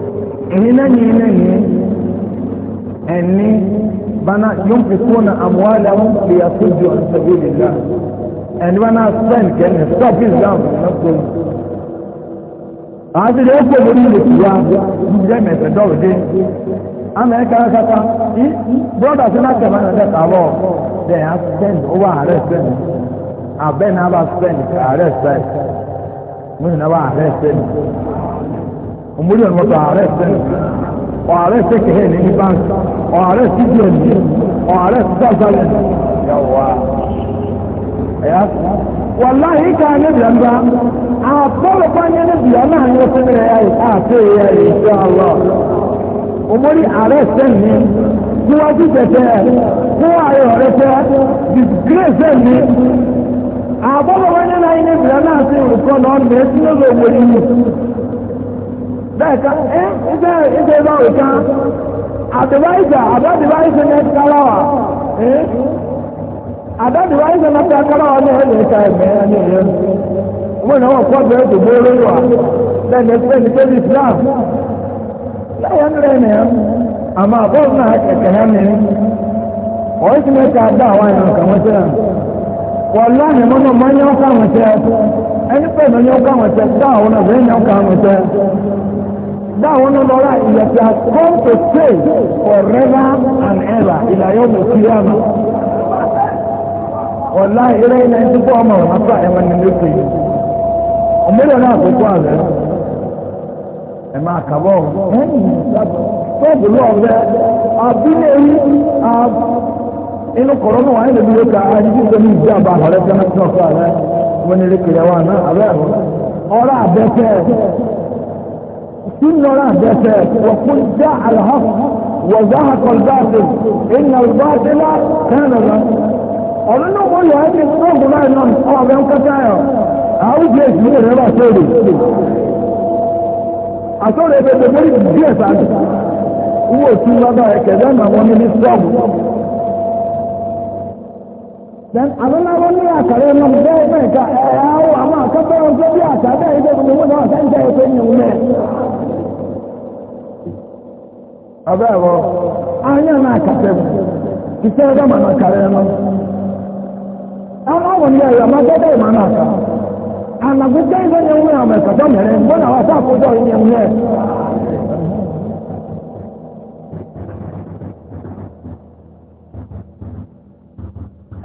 إننا نينين أني بنا ينفقون أموالهم ليصدوا عن سبيل الله and when I spend can stop his down نقول àti ilé ọkọ̀ lórí ilé ìyá ìjẹ́ mẹ̀tẹ̀dọ́rù dé amẹ́ríkà kata ní brọ́dà tí wọ́n tẹ̀wọ́n náà lẹ́ka bọ́ dẹ̀ á spend owó ààrẹ spend abẹ́ náà bá spend ààrẹ spend mú náà bá ààrẹ spend òmùrí ọ̀nà ọ̀tọ̀ ààrẹ sẹ́yìn ọ̀àrẹ sẹ́kẹ̀ẹ́ ní ní báńkì ọ̀àrẹ sídìí ẹ̀mí ọ̀àrẹ sọ́ọ̀sálẹ̀ yàwá ẹ̀yà wàláhì ká níbi ẹ̀mbá àpọ̀lọpọ̀ ní níbi ọ̀nà àyẹ̀ sẹ́yìn ẹ̀yà àti ẹ̀yà ìṣẹ́ ọlọ́ òmùrí ààrẹ sẹ́yìn níwájú tẹ̀tẹ̀ fún ààrẹ ọ̀rẹ́ tẹ́ disgrace ẹ̀mí àpọ̀lọpọ̀ ní níbi ọ̀nà àti ìrùkọ́ náà mẹ́sìn bẹ́ẹ̀ ká ẹ́ ẹ́ ẹ́ bá wò ká àdìváìsà àdàdìváìsà ní ẹ̀ka láwà ẹ́ àdàdìváìsà ní ẹ̀ka láwà ní ẹ̀ka ẹ̀mẹ́ ẹ̀mí ẹ̀yẹ wọ́n náà wọ́n kọ́ bẹ́ẹ̀ tó gbé lórí wa lẹ́nu ẹgbẹ́ ní pẹ́lú islam lẹ́yìn lẹ́nu ẹ̀ àmọ́ àbọ̀n náà kẹ̀kẹ́ yẹn mi wọ́n ti mẹ́ta dá àwọn ẹ̀rọ kàwọn sí ẹ̀ wọ́n lánàá mọ́mọ́ máa ń yàn ká àwọn sí ẹ̀ ẹni pẹ̀lú yàn ká àwọn sí ẹ̀ dá àwọn ọ̀nà That one number right is that you have to stay forever and ever in Ayom Okiyama. Ọ̀la ilé iná ẹni tó ọmọ ọ̀nà fún ẹ̀wọ̀n ní lóṣù yìí. Ọ̀mọdé náà kò kó àgbẹ̀. Ẹ máa kàbọ̀ ẹ̀yìn sọ́ọ̀bù lọ́ọ̀bẹ. Àbílẹ̀ yìí inú kọ̀rọ̀ náà wà ní ìlú ká àyíkú tó ní ìjọ àbá àrẹ tó náà tó náà fún àrẹ. Wọ́n ní ilé kiri àwọn àná àrẹ àwọn ọ̀rọ̀ àbẹ́fẹ́ كل رهبة وقل جاء الحق وزهق الباطل إن الباطل كان ذهب ọ̀rọ̀ náà wọ́n yọ ẹ́bí fúnbù láì náà ọ̀rọ̀ bẹ́ẹ̀ ń kọ́ta ẹ̀ àwùjọ ìṣúlẹ̀ rẹ̀ bá sóòrè àsọ̀rọ̀ ẹgbẹ́ tó mórí díẹ̀ sáájú owó òtún lọ́dọ̀ ẹ̀kẹ́ bẹ́ẹ̀ máa wọ́n ní ní sọ́ọ̀bù. then àlọ́láwọ́ ní àkàrẹ́ náà bẹ́ẹ̀ bẹ́ẹ̀ ká ẹ̀ abẹ́ ẹ̀rọ anya náà kàtẹ́ mu títí ẹ̀rọ mà náà kàrẹ́ ẹ̀rọ aláwọ̀ ní ẹ̀rọ máa gbọ́dọ̀ ìmọ̀ náà kà ànàgùdé ìwé yẹn wúlò àwọn ẹ̀kọ́ tó mẹ́rin gbọ́dọ̀ àwọn àti àkójọ ìyẹn wúlò ẹ̀.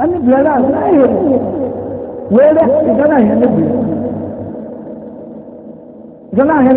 ẹni bìrẹ̀ náà láàyè wẹ́rẹ́ ìdáná yẹn ahịa ìdáná yẹn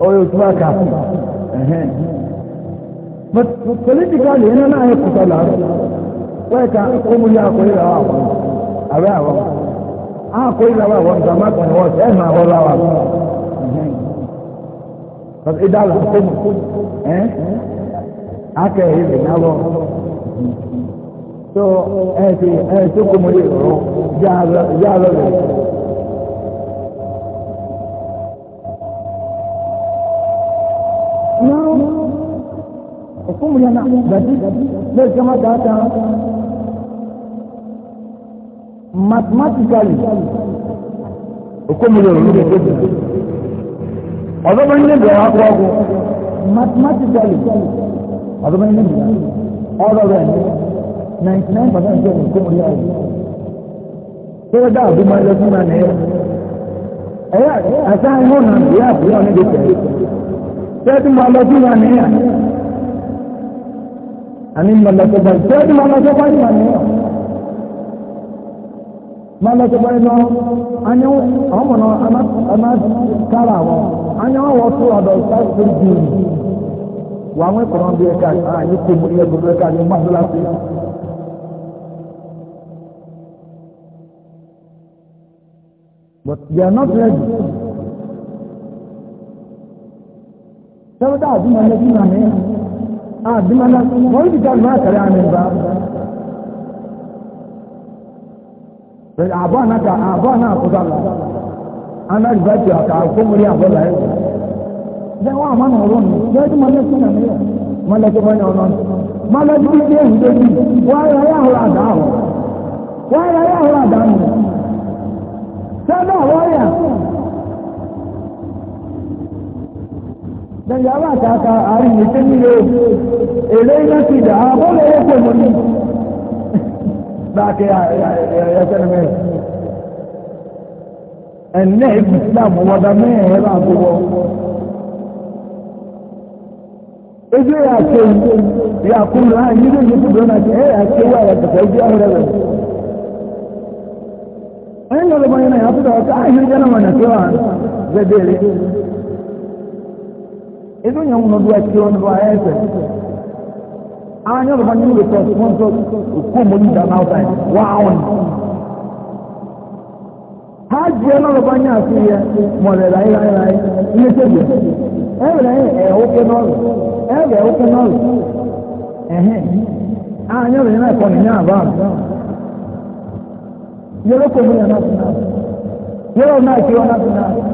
ọ̀rẹ́ òtún but politically ẹ̀nà náà yẹ kùtà làárọ̀ wọ́n ẹ̀ka ọmọ yẹ akọ̀yẹ́ làwọn àwọn àwẹ́ àwọn akọ̀yẹ́ làwọn àwọn gbàmà but ya hukumu yana gaji zai zama da ta mathematically hukumu yana nuna gaji ọzọ bẹ nílẹ̀ bẹ̀rẹ̀ akọ ọgọ mathematically ọzọ bẹ nílẹ̀ bẹ̀rẹ̀ ọzọ bẹ ninety nine percent jẹ́ hukumu yana tó yẹ dáa bí máa lọ sí máa nìyẹn ẹ̀yà àti àìmọ́ náà ìyá àbúrò ọ̀nà ìdíkẹ̀ tẹ́tí máa àní mọ̀lọ́sọ̀bá tí ó ti mọ̀lọ́sọ̀bá ìmọ̀ nìyàn mọ̀lọ́sọ̀bá ìmọ̀ anyọ́ ọmọnà amákàrà wọn anyọ́ wọ́n not ready a ah, bi mana wọ́n ti jáde máa tẹ̀lé àmì ìbá àbọ̀ àná ka àbọ̀ àná àkóso àlà àná ìbá ti àkà àkómọlé àbọ̀ láyé jẹ́ wọ́n àmọ́ nà ọ̀rọ̀ nù jẹ́ tí mo lé sí nà mí rà mo lé sí mo nù mo lé sí ilé ìhùn tó bí wọ́n ayọ̀ ayé àhùrọ̀ àdá àhùrọ̀ wọ́n ayọ̀ ayé àhùrọ̀ àdá àhùrọ̀ sẹ́dọ̀ wọ́ọ̀yà lẹ́yìn aláàtàkà àárín ìṣe nílé èlé iná ti dà á bọ́ lè rẹ́pọ̀ mọ́ ní. Láàkẹ́ ẹ̀ẹ́sẹ̀rẹ̀ mẹ́rin. Ẹ̀nẹ́ ìgbì ìsìláàmù wọ́dá mẹ́rin ẹ̀rọ àbúwọ́. Ejú ẹ̀yà ṣe ìyá kúrò náà nílé ìlú tó náà ṣe ẹ̀yà ṣe wà ẹ̀kẹ̀kẹ̀ ojú ọ̀rẹ́ rẹ̀. Ẹ̀yìn lọ́dọ̀ Itu yang menuduh Sion Ruaese. Hanya lepas ini lepas sponsor hukum ini dan nautan. Wawan. Haji yang lepasnya asyik mulai lain lain lain. se saja. Eh lain, eh oke nol. Eh gak oke nol. Eh eh. Hanya lepas ini konnya apa? Yellow komunitas nasional. Yellow nasional nasional.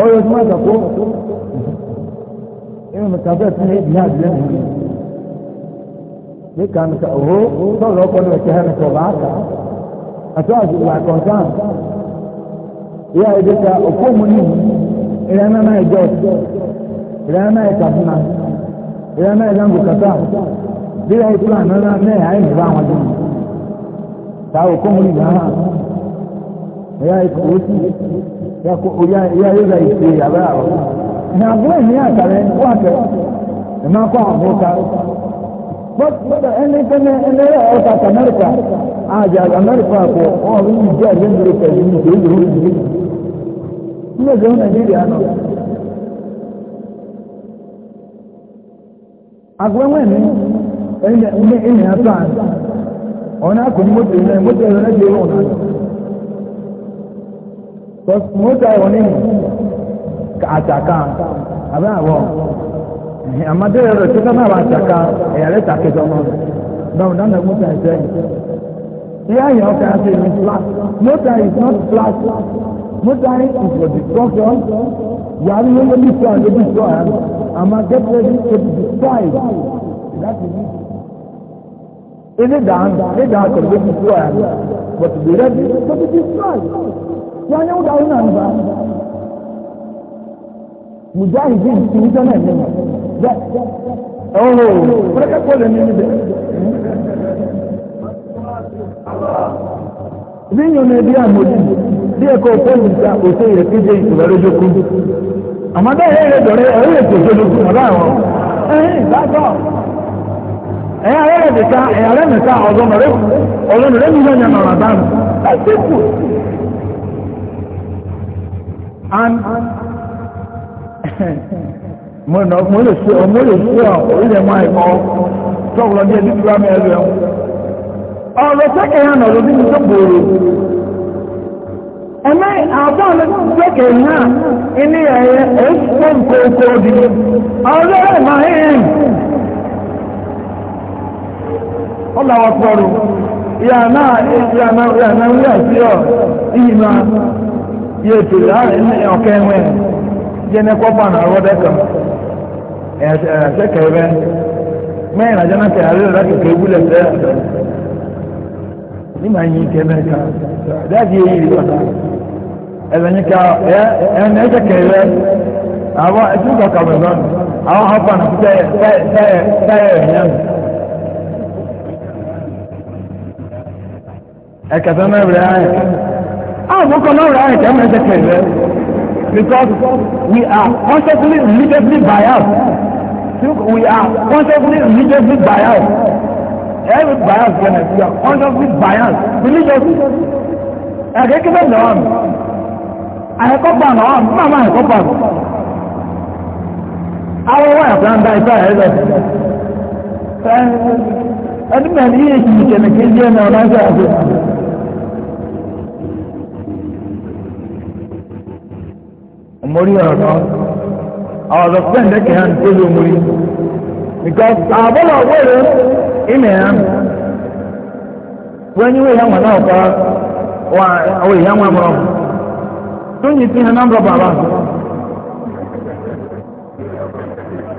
ọ̀rọ̀ tí wọ́n sọ̀kọ́ inú mi kà fẹ́ẹ̀ fún mi ní àdúrà mi ní kà mi kà òhó sọ̀rọ̀ ọkọ ní ọ̀kẹ́ mi sọ̀rọ̀ àkà àti wàá sọ̀rọ̀ àkọ̀ǹtàn ìyá ìdè ká òkú mu ní ìrẹ́ náà náà ìjọ ìrẹ́ náà ìkàfúnà ìrẹ́ náà ìdáǹgò kàtà bí ìyá ìtura náà náà àyè àwọn ọdún ká òkú mu ní ìgbà náà ìyá ìkòwòsì ya ìṣe ya àwọn ní àbúrò ìní àtàrẹ wà ya ẹ máa kọ́ àbúrò ká gbọ́dọ̀ ẹni tẹ́lẹ̀ ẹni rẹ̀ ọ̀sà amẹ́ríkà àjà amẹ́ríkà kọ ọ̀rọ̀ yìí jẹ́ ẹ̀rẹ́ ìlú pẹ̀lú ìlú ìlú ìlú ìlú mọ́tà ìwọ̀n ní àtàkà àbẹ́ àwọ̀ àmàdé rẹ̀ tó ká náà àtàkà ẹ̀yà rẹ̀ tàkẹ́jọ náà náà náà náà mọ́tà ìṣẹ́ ìyá yẹn ọkà ṣe ní flat mọ́tà is not flat mọ́tà is for destruction wà á lóyún lóbi sọ àti lóbi sọ àná àmà get ready to destroy that is it. Ilé dàn, ilé dàn kò lóbi sọ àná but be ready to be destroyed ni. yàrá ó dáwọ́ náà nípa mujahidin ti ní sọ́nà ẹ̀mí bẹ́ẹ̀ ọ̀hún pẹ́ẹ́kẹ́ kọ́ lè ní níbẹ̀. bí yóò ní ebi àmójú bí ẹ̀kọ́ òkú ìjà òṣè rẹ̀ kí jẹ́ ìtura lójú kú àmọ́dá ẹ̀yẹ́ rẹ̀ dọ̀rẹ́ ẹ̀yẹ́ rẹ̀ tòṣe lójú ọ̀dá àwọn ẹ̀yìn látọ̀ ẹ̀yà rẹ̀ dìka ẹ̀yà rẹ̀ mẹ́ta ọ̀dọ́mọ̀rẹ́ ọ̀dọ́mọ̀rẹ́ mi náà yàn nàrà dánù láti kù and mo nọ mo lè ṣe ọ mo lè ṣe ọ orílẹ̀ máa ẹ̀kọ́ tọ́wọ́ lọ bí ẹni tí wàá mẹ́rin ẹ̀wọ̀n ọ̀rọ̀ sẹ́kẹ̀ yẹn nà ọ̀rọ̀ bí tó gbòòrò ẹ̀mẹ́ àbọ̀ ọ̀rọ̀ sẹ́kẹ̀ di ọ̀rọ̀ ẹ̀ máa ń ọ̀làwọ̀ pọ̀rọ̀ ìyànà ìyànà ìyànà wíyà sí yóò ti láàrin ní ọ̀kẹ́ ẹ̀wẹ̀ jẹ́ ní kọ́pà náà rọ́dẹ́ kan ẹ̀ẹ́sẹ̀ kẹ̀rẹ́ mẹ́rin àjọ náà kẹ̀ àríwá láti kẹ̀ wúlẹ̀ sẹ́ ní màá yin kẹ́ mẹ́ta dáàbí èyí rí ọ̀tá ẹ̀lẹ́yìn ká ẹ̀ẹ́n ẹ̀ẹ́sẹ̀ kẹ̀rẹ́ àwọn ẹ̀sùn kọ̀ọ̀kan mẹ́ta àwọn ọ̀pá náà táyẹ̀ ẹ̀yàn ẹ̀kẹ́tọ́ náà rẹ̀ Our vocal right can make because we are constantly religiously biased. We are constantly religiously biased. Every bias can we are constantly biased religiously. Ẹ̀kẹ́ kí bẹ́ẹ̀ lọ́wọ́ mi, àyẹ̀kọ́pà náà mi máa máa ẹ̀kọ́pà mi. Àwọn wáyà planta ìfẹ́ ẹ̀rọ ẹ̀dùnmẹ̀ ní èyí ìkẹ̀lẹ̀kẹ́ jẹ́ ẹ̀nà ọ̀nà ìfẹ́ àti ìfẹ́. omori ọ̀rọ̀ àwọn ọ̀rọ̀ pẹ̀lú ẹ̀kẹ́ hàn tó ló omori because àbọ̀lọ̀ ọ̀gbọ̀rọ̀ ìmẹ̀ hàn wọ́n yíwọ́ ìyá wọn náà kọ́ àwọn ìyá wọn mọ̀ tó yìí ti hàn náà bàbá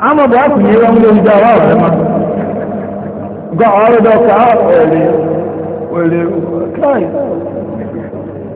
àmọ̀ bọ̀ ọkùnrin yẹn wọ́n lórí jẹ́ ọ̀rọ̀ ọ̀rẹ́ ma gba ọ̀rọ̀ dọ̀ka ọ̀rẹ́ ọ̀rẹ́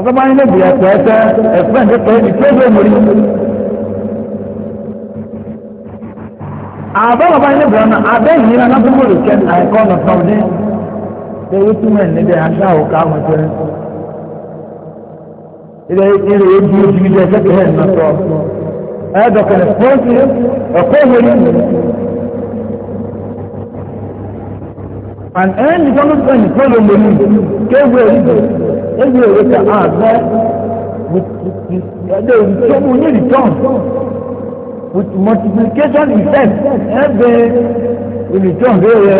asọ́pá yín lóbi ẹ̀kọ́ ẹ̀kọ́ ẹ̀fẹ́ ẹ̀kọ́ ẹ̀dì tó dé mọ́rí. àbá bàbá yín lóbi ọ̀nà abẹ́ yìí náà náà fúnbọ̀lù kẹ́ àìkọ́ ọ̀nà sọ̀dé ṣé yóò túmọ̀ ní bẹ́ẹ̀ aṣọ àwòká àwọn ẹ̀kọ́ ilẹ̀ ilẹ̀ yóò di ojú ilé ẹ̀kọ́ kẹ́ ẹ̀ nọ́tọ̀ ẹ̀ẹ́dọ̀kẹ̀lẹ̀ fọ́ọ̀sì ẹ̀kọ́ ìwòrí and ẹ̀ẹ́dì tó ń sọ ìfọ́lọ́mọ́lù kéwèé ebi èrè ka a mẹ ẹdẹ ìtọ́mu ní return with multiplication effect ẹbẹ return ló yẹ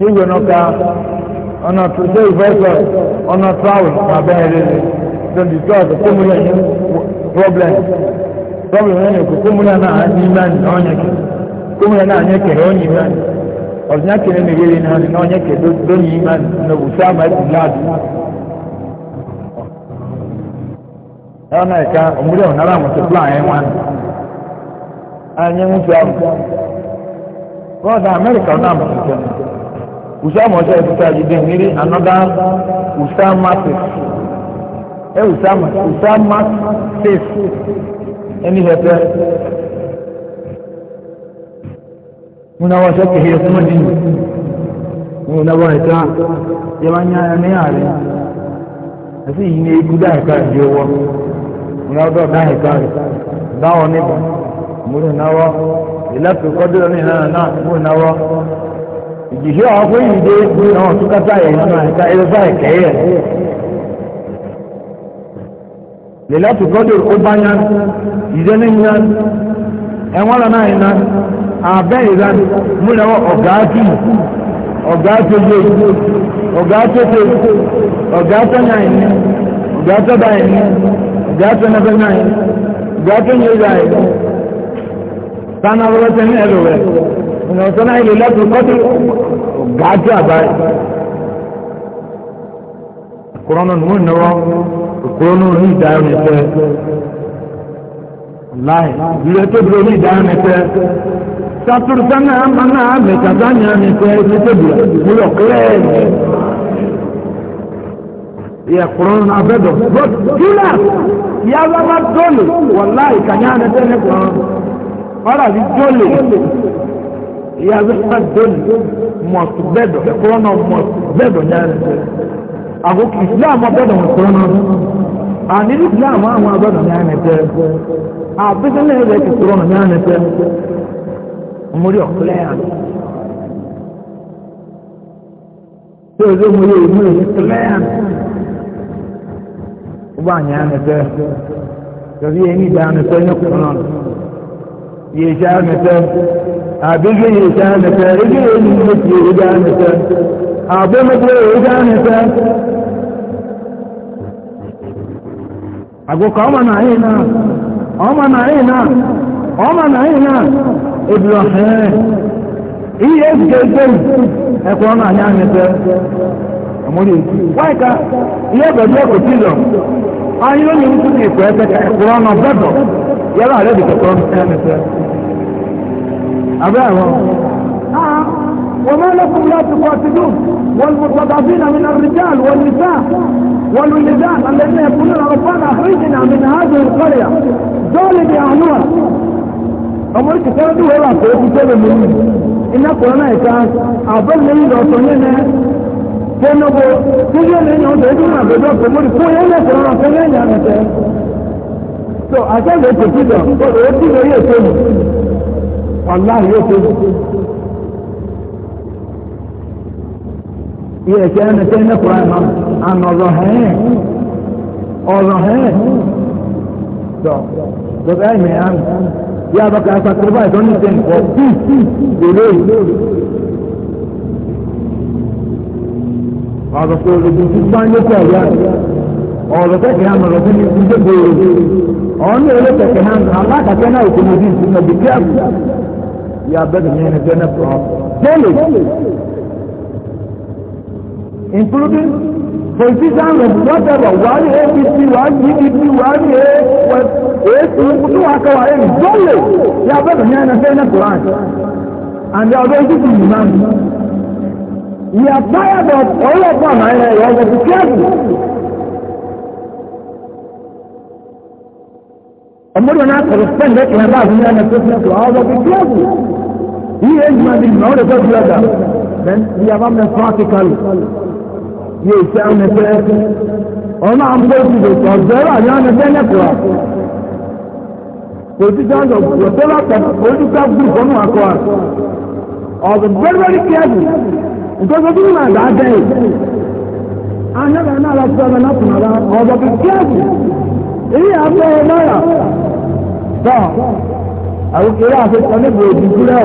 ewu ẹnọka ọ̀nà tó dé ìfẹ́sọ̀ ọ̀nà tó àwìn abẹ́ ẹ̀rẹ́ rẹ̀ lọ́dún tó àti kó múlẹ̀ ní problem problem ẹ̀yẹ kó múlẹ̀ náà ní ìmánì ọ̀nyẹ̀kẹ̀ kó múlẹ̀ náà ní ẹ̀kẹ̀ ọ̀nyẹ̀ ọ̀dùnà kìíní mèwèrè náà ní ọ̀nyẹ́ kẹ̀dọ́ lónìí máa nà ya àmà ẹ̀sìn láàdù. ẹ̀rọ náà ẹ̀ka òmùlẹ̀ ọ̀nàrà àmọ̀tò plan ẹ̀ wọn. ànyẹ́ wùsù àmọ̀. bọ́ọ̀dà amẹ́ríkà ọ̀nà àmọ̀tò kẹ́ wùsù una wa shakka hiya kuma din mu na ba ta ya banya ne yare asi ne guda ka jewa una do da he ka da wa ne ba mu na wa ila to kodira ne na na mu na wa ìjìṣẹ́ àwọn fún ìdè náà túká sáyẹ̀ nínú àìká ẹ̀rọ sáyẹ̀ kẹ́yẹ̀ lè láti kọ́dọ̀ ó bá yán ìdẹ́nìyàn ẹ̀wọ́n lọ náà abẹ́ ìran múlẹ̀wọ́ ọ̀gá kì í ọ̀gá tó yé ọ̀gá tó tó ọ̀gá tó náà ní ọ̀gá tó bá ní ọ̀gá tó náà náà ní ọ̀gá tó yé ra ẹ̀ sanna wọ́n tẹ́ ní ẹ̀rọ rẹ̀ ọ̀nà ọ̀sán náà ilé lẹ́tọ̀ọ́ kọ́tù ọ̀gá tó àbáyé kúrọ́nù nù mú nìwọ́ kúrọ́nù nù ìdáyọ̀ nìfẹ́ láì ilé tó dúró ní ìdánimẹ̀tẹ́ sàtúrùsánà àmàna mẹ̀tàdánìà mẹ̀tẹ́ ilé tó dúró nílò kílẹ̀ yẹ kùrọ̀n abẹ́dọ̀ kílà yà lọ́ba dọ́lè wọ̀lá ìkànnì àmẹ́tẹ́ ní kùrọ̀n ọ̀rọ̀ àbí dọ́lè yà lọ́ba dọ́lè mọ̀tù bẹ́dọ̀ kùrọ̀n náà mọ̀tù bẹ́dọ̀ nyà àgùkì islam abẹ́dọ̀ kùrọ̀n náà. Ani islam àwọn agbọ́dọ̀ ní ànẹ́tẹ́ àbísí náà ẹ̀rẹ́ ti sọ̀rọ̀ ní ànẹ́tẹ́ ọmọdé ọ̀kúlẹ̀ yà ni tí o ṣe mú yé ìlú yìí kílẹ̀ yà ni ó bá ní ànẹ́tẹ́ tọ́sí yẹn ní ìdá ànẹ́tẹ́ ní ọ̀kúlẹ̀ náà yìí ṣe ànẹ́tẹ́ àbísí yìí ṣe ànẹ́tẹ́ ẹgbẹ́ yìí ní ìdá ànẹ́tẹ́ àbẹ́mẹ́tẹ́ yìí ṣe ànẹ́tẹ́. agụkọ ọma na anyị na ọma na anyị na ọma na e? anyị na ihe ezike ekwe ọnụ anyị anyete ọmụrụ ka ihe bebe otizọ anyị onye nkwu na ekwe ete ka ekwe ọnụ bedọ ya na arịa dịka ọnụ anyete abịa ahụ وما لا تقاتلون من الرجال والولدان الذين يقولون ربنا اخرجنا من هذه القرية ظالم اهلها ọmọdé ti fẹ́ dúró wà pé ojú tẹ́lẹ̀ mi ní iná kọ̀ọ̀nà ìta àbẹ́lẹ̀ ìlú ọ̀sán nínú tẹ́nubu tí yóò ní ìyàn tó dúró àgbẹ̀dọ̀ pé mo rí fún yẹn lẹ́sẹ̀ ọ̀rọ̀ fún yẹn ìyàn tẹ́. tó àtẹ́lẹ̀ ètò ìjọ òye tí lóye ètò mi ọ̀la yóò tó iye kí ẹni tẹ́ ní kura ẹ̀ma àná ọ̀rọ̀ hẹ́ẹ̀ ọ̀rọ̀ hẹ́ẹ̀ tọ́ dọ́kítà ẹ̀mí ẹ̀ hàn yí abaka sakiriba ẹ̀ tọ́ni tẹ́ nìkọ́ tí lóore ọ̀rọ̀ tó lè dùn fún báyìí kọ̀ ya ọ̀rọ̀ tẹ̀kẹ̀ hàn ọ̀rọ̀ fún ìdíje gbòòrò ọ̀rọ̀ ní èrè tẹ̀kẹ̀ hàn alákàtẹ́ náà òkú ní ìdí ìsinmi ọ̀dì kí including politicians of whatever, wàhálì APC, wàhálì PDP, wàhálì APC, tó wà kọ́ wàhálì ẹ̀mí dọ́lẹ̀ yà bẹ́ẹ̀ ní ẹ̀nà fẹ́ẹ́ ní Quran and the other people in man. We are tired of all of them and uh, we have to be careful. Ọmọdé wọn náà sọ̀rọ̀ spend lẹ́kìn náà báyìí ní ẹ̀nà tó fi ẹ̀kọ́ àwọn ọ̀dọ́ fi careful. He is my name, now the first brother. Then we have a practical yóò ṣe ànẹ́fẹ́ ọ̀nà àmúgbòsìdò ọ̀zẹ́rọ̀ àní ànẹ́fẹ́ nẹ́kùrà politicians of the solar political group ọ̀nà àkọ́ à of the very very careful because of human and that day ahẹ́rẹ́ náà láti sọ̀rọ̀ náà fún ara ọ̀dọ̀ bí careful èyí àbẹ̀ náírà tọ́ àwọn kéré àfikọ́ níbo ìdíjú rẹ̀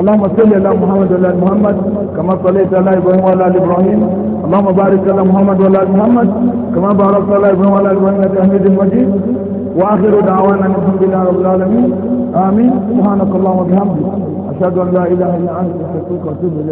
اللهم صل على محمد وعلى محمد كما صليت على ابراهيم وعلى ال ابراهيم اللهم بارك على محمد وعلى ال محمد كما باركت على ابراهيم وعلى ال ابراهيم في حميد مجيد واخر دعوانا الحمد لله رب العالمين امين سبحانك اللهم وبحمدك اشهد ان لا اله الا انت استغفرك واتوب اليك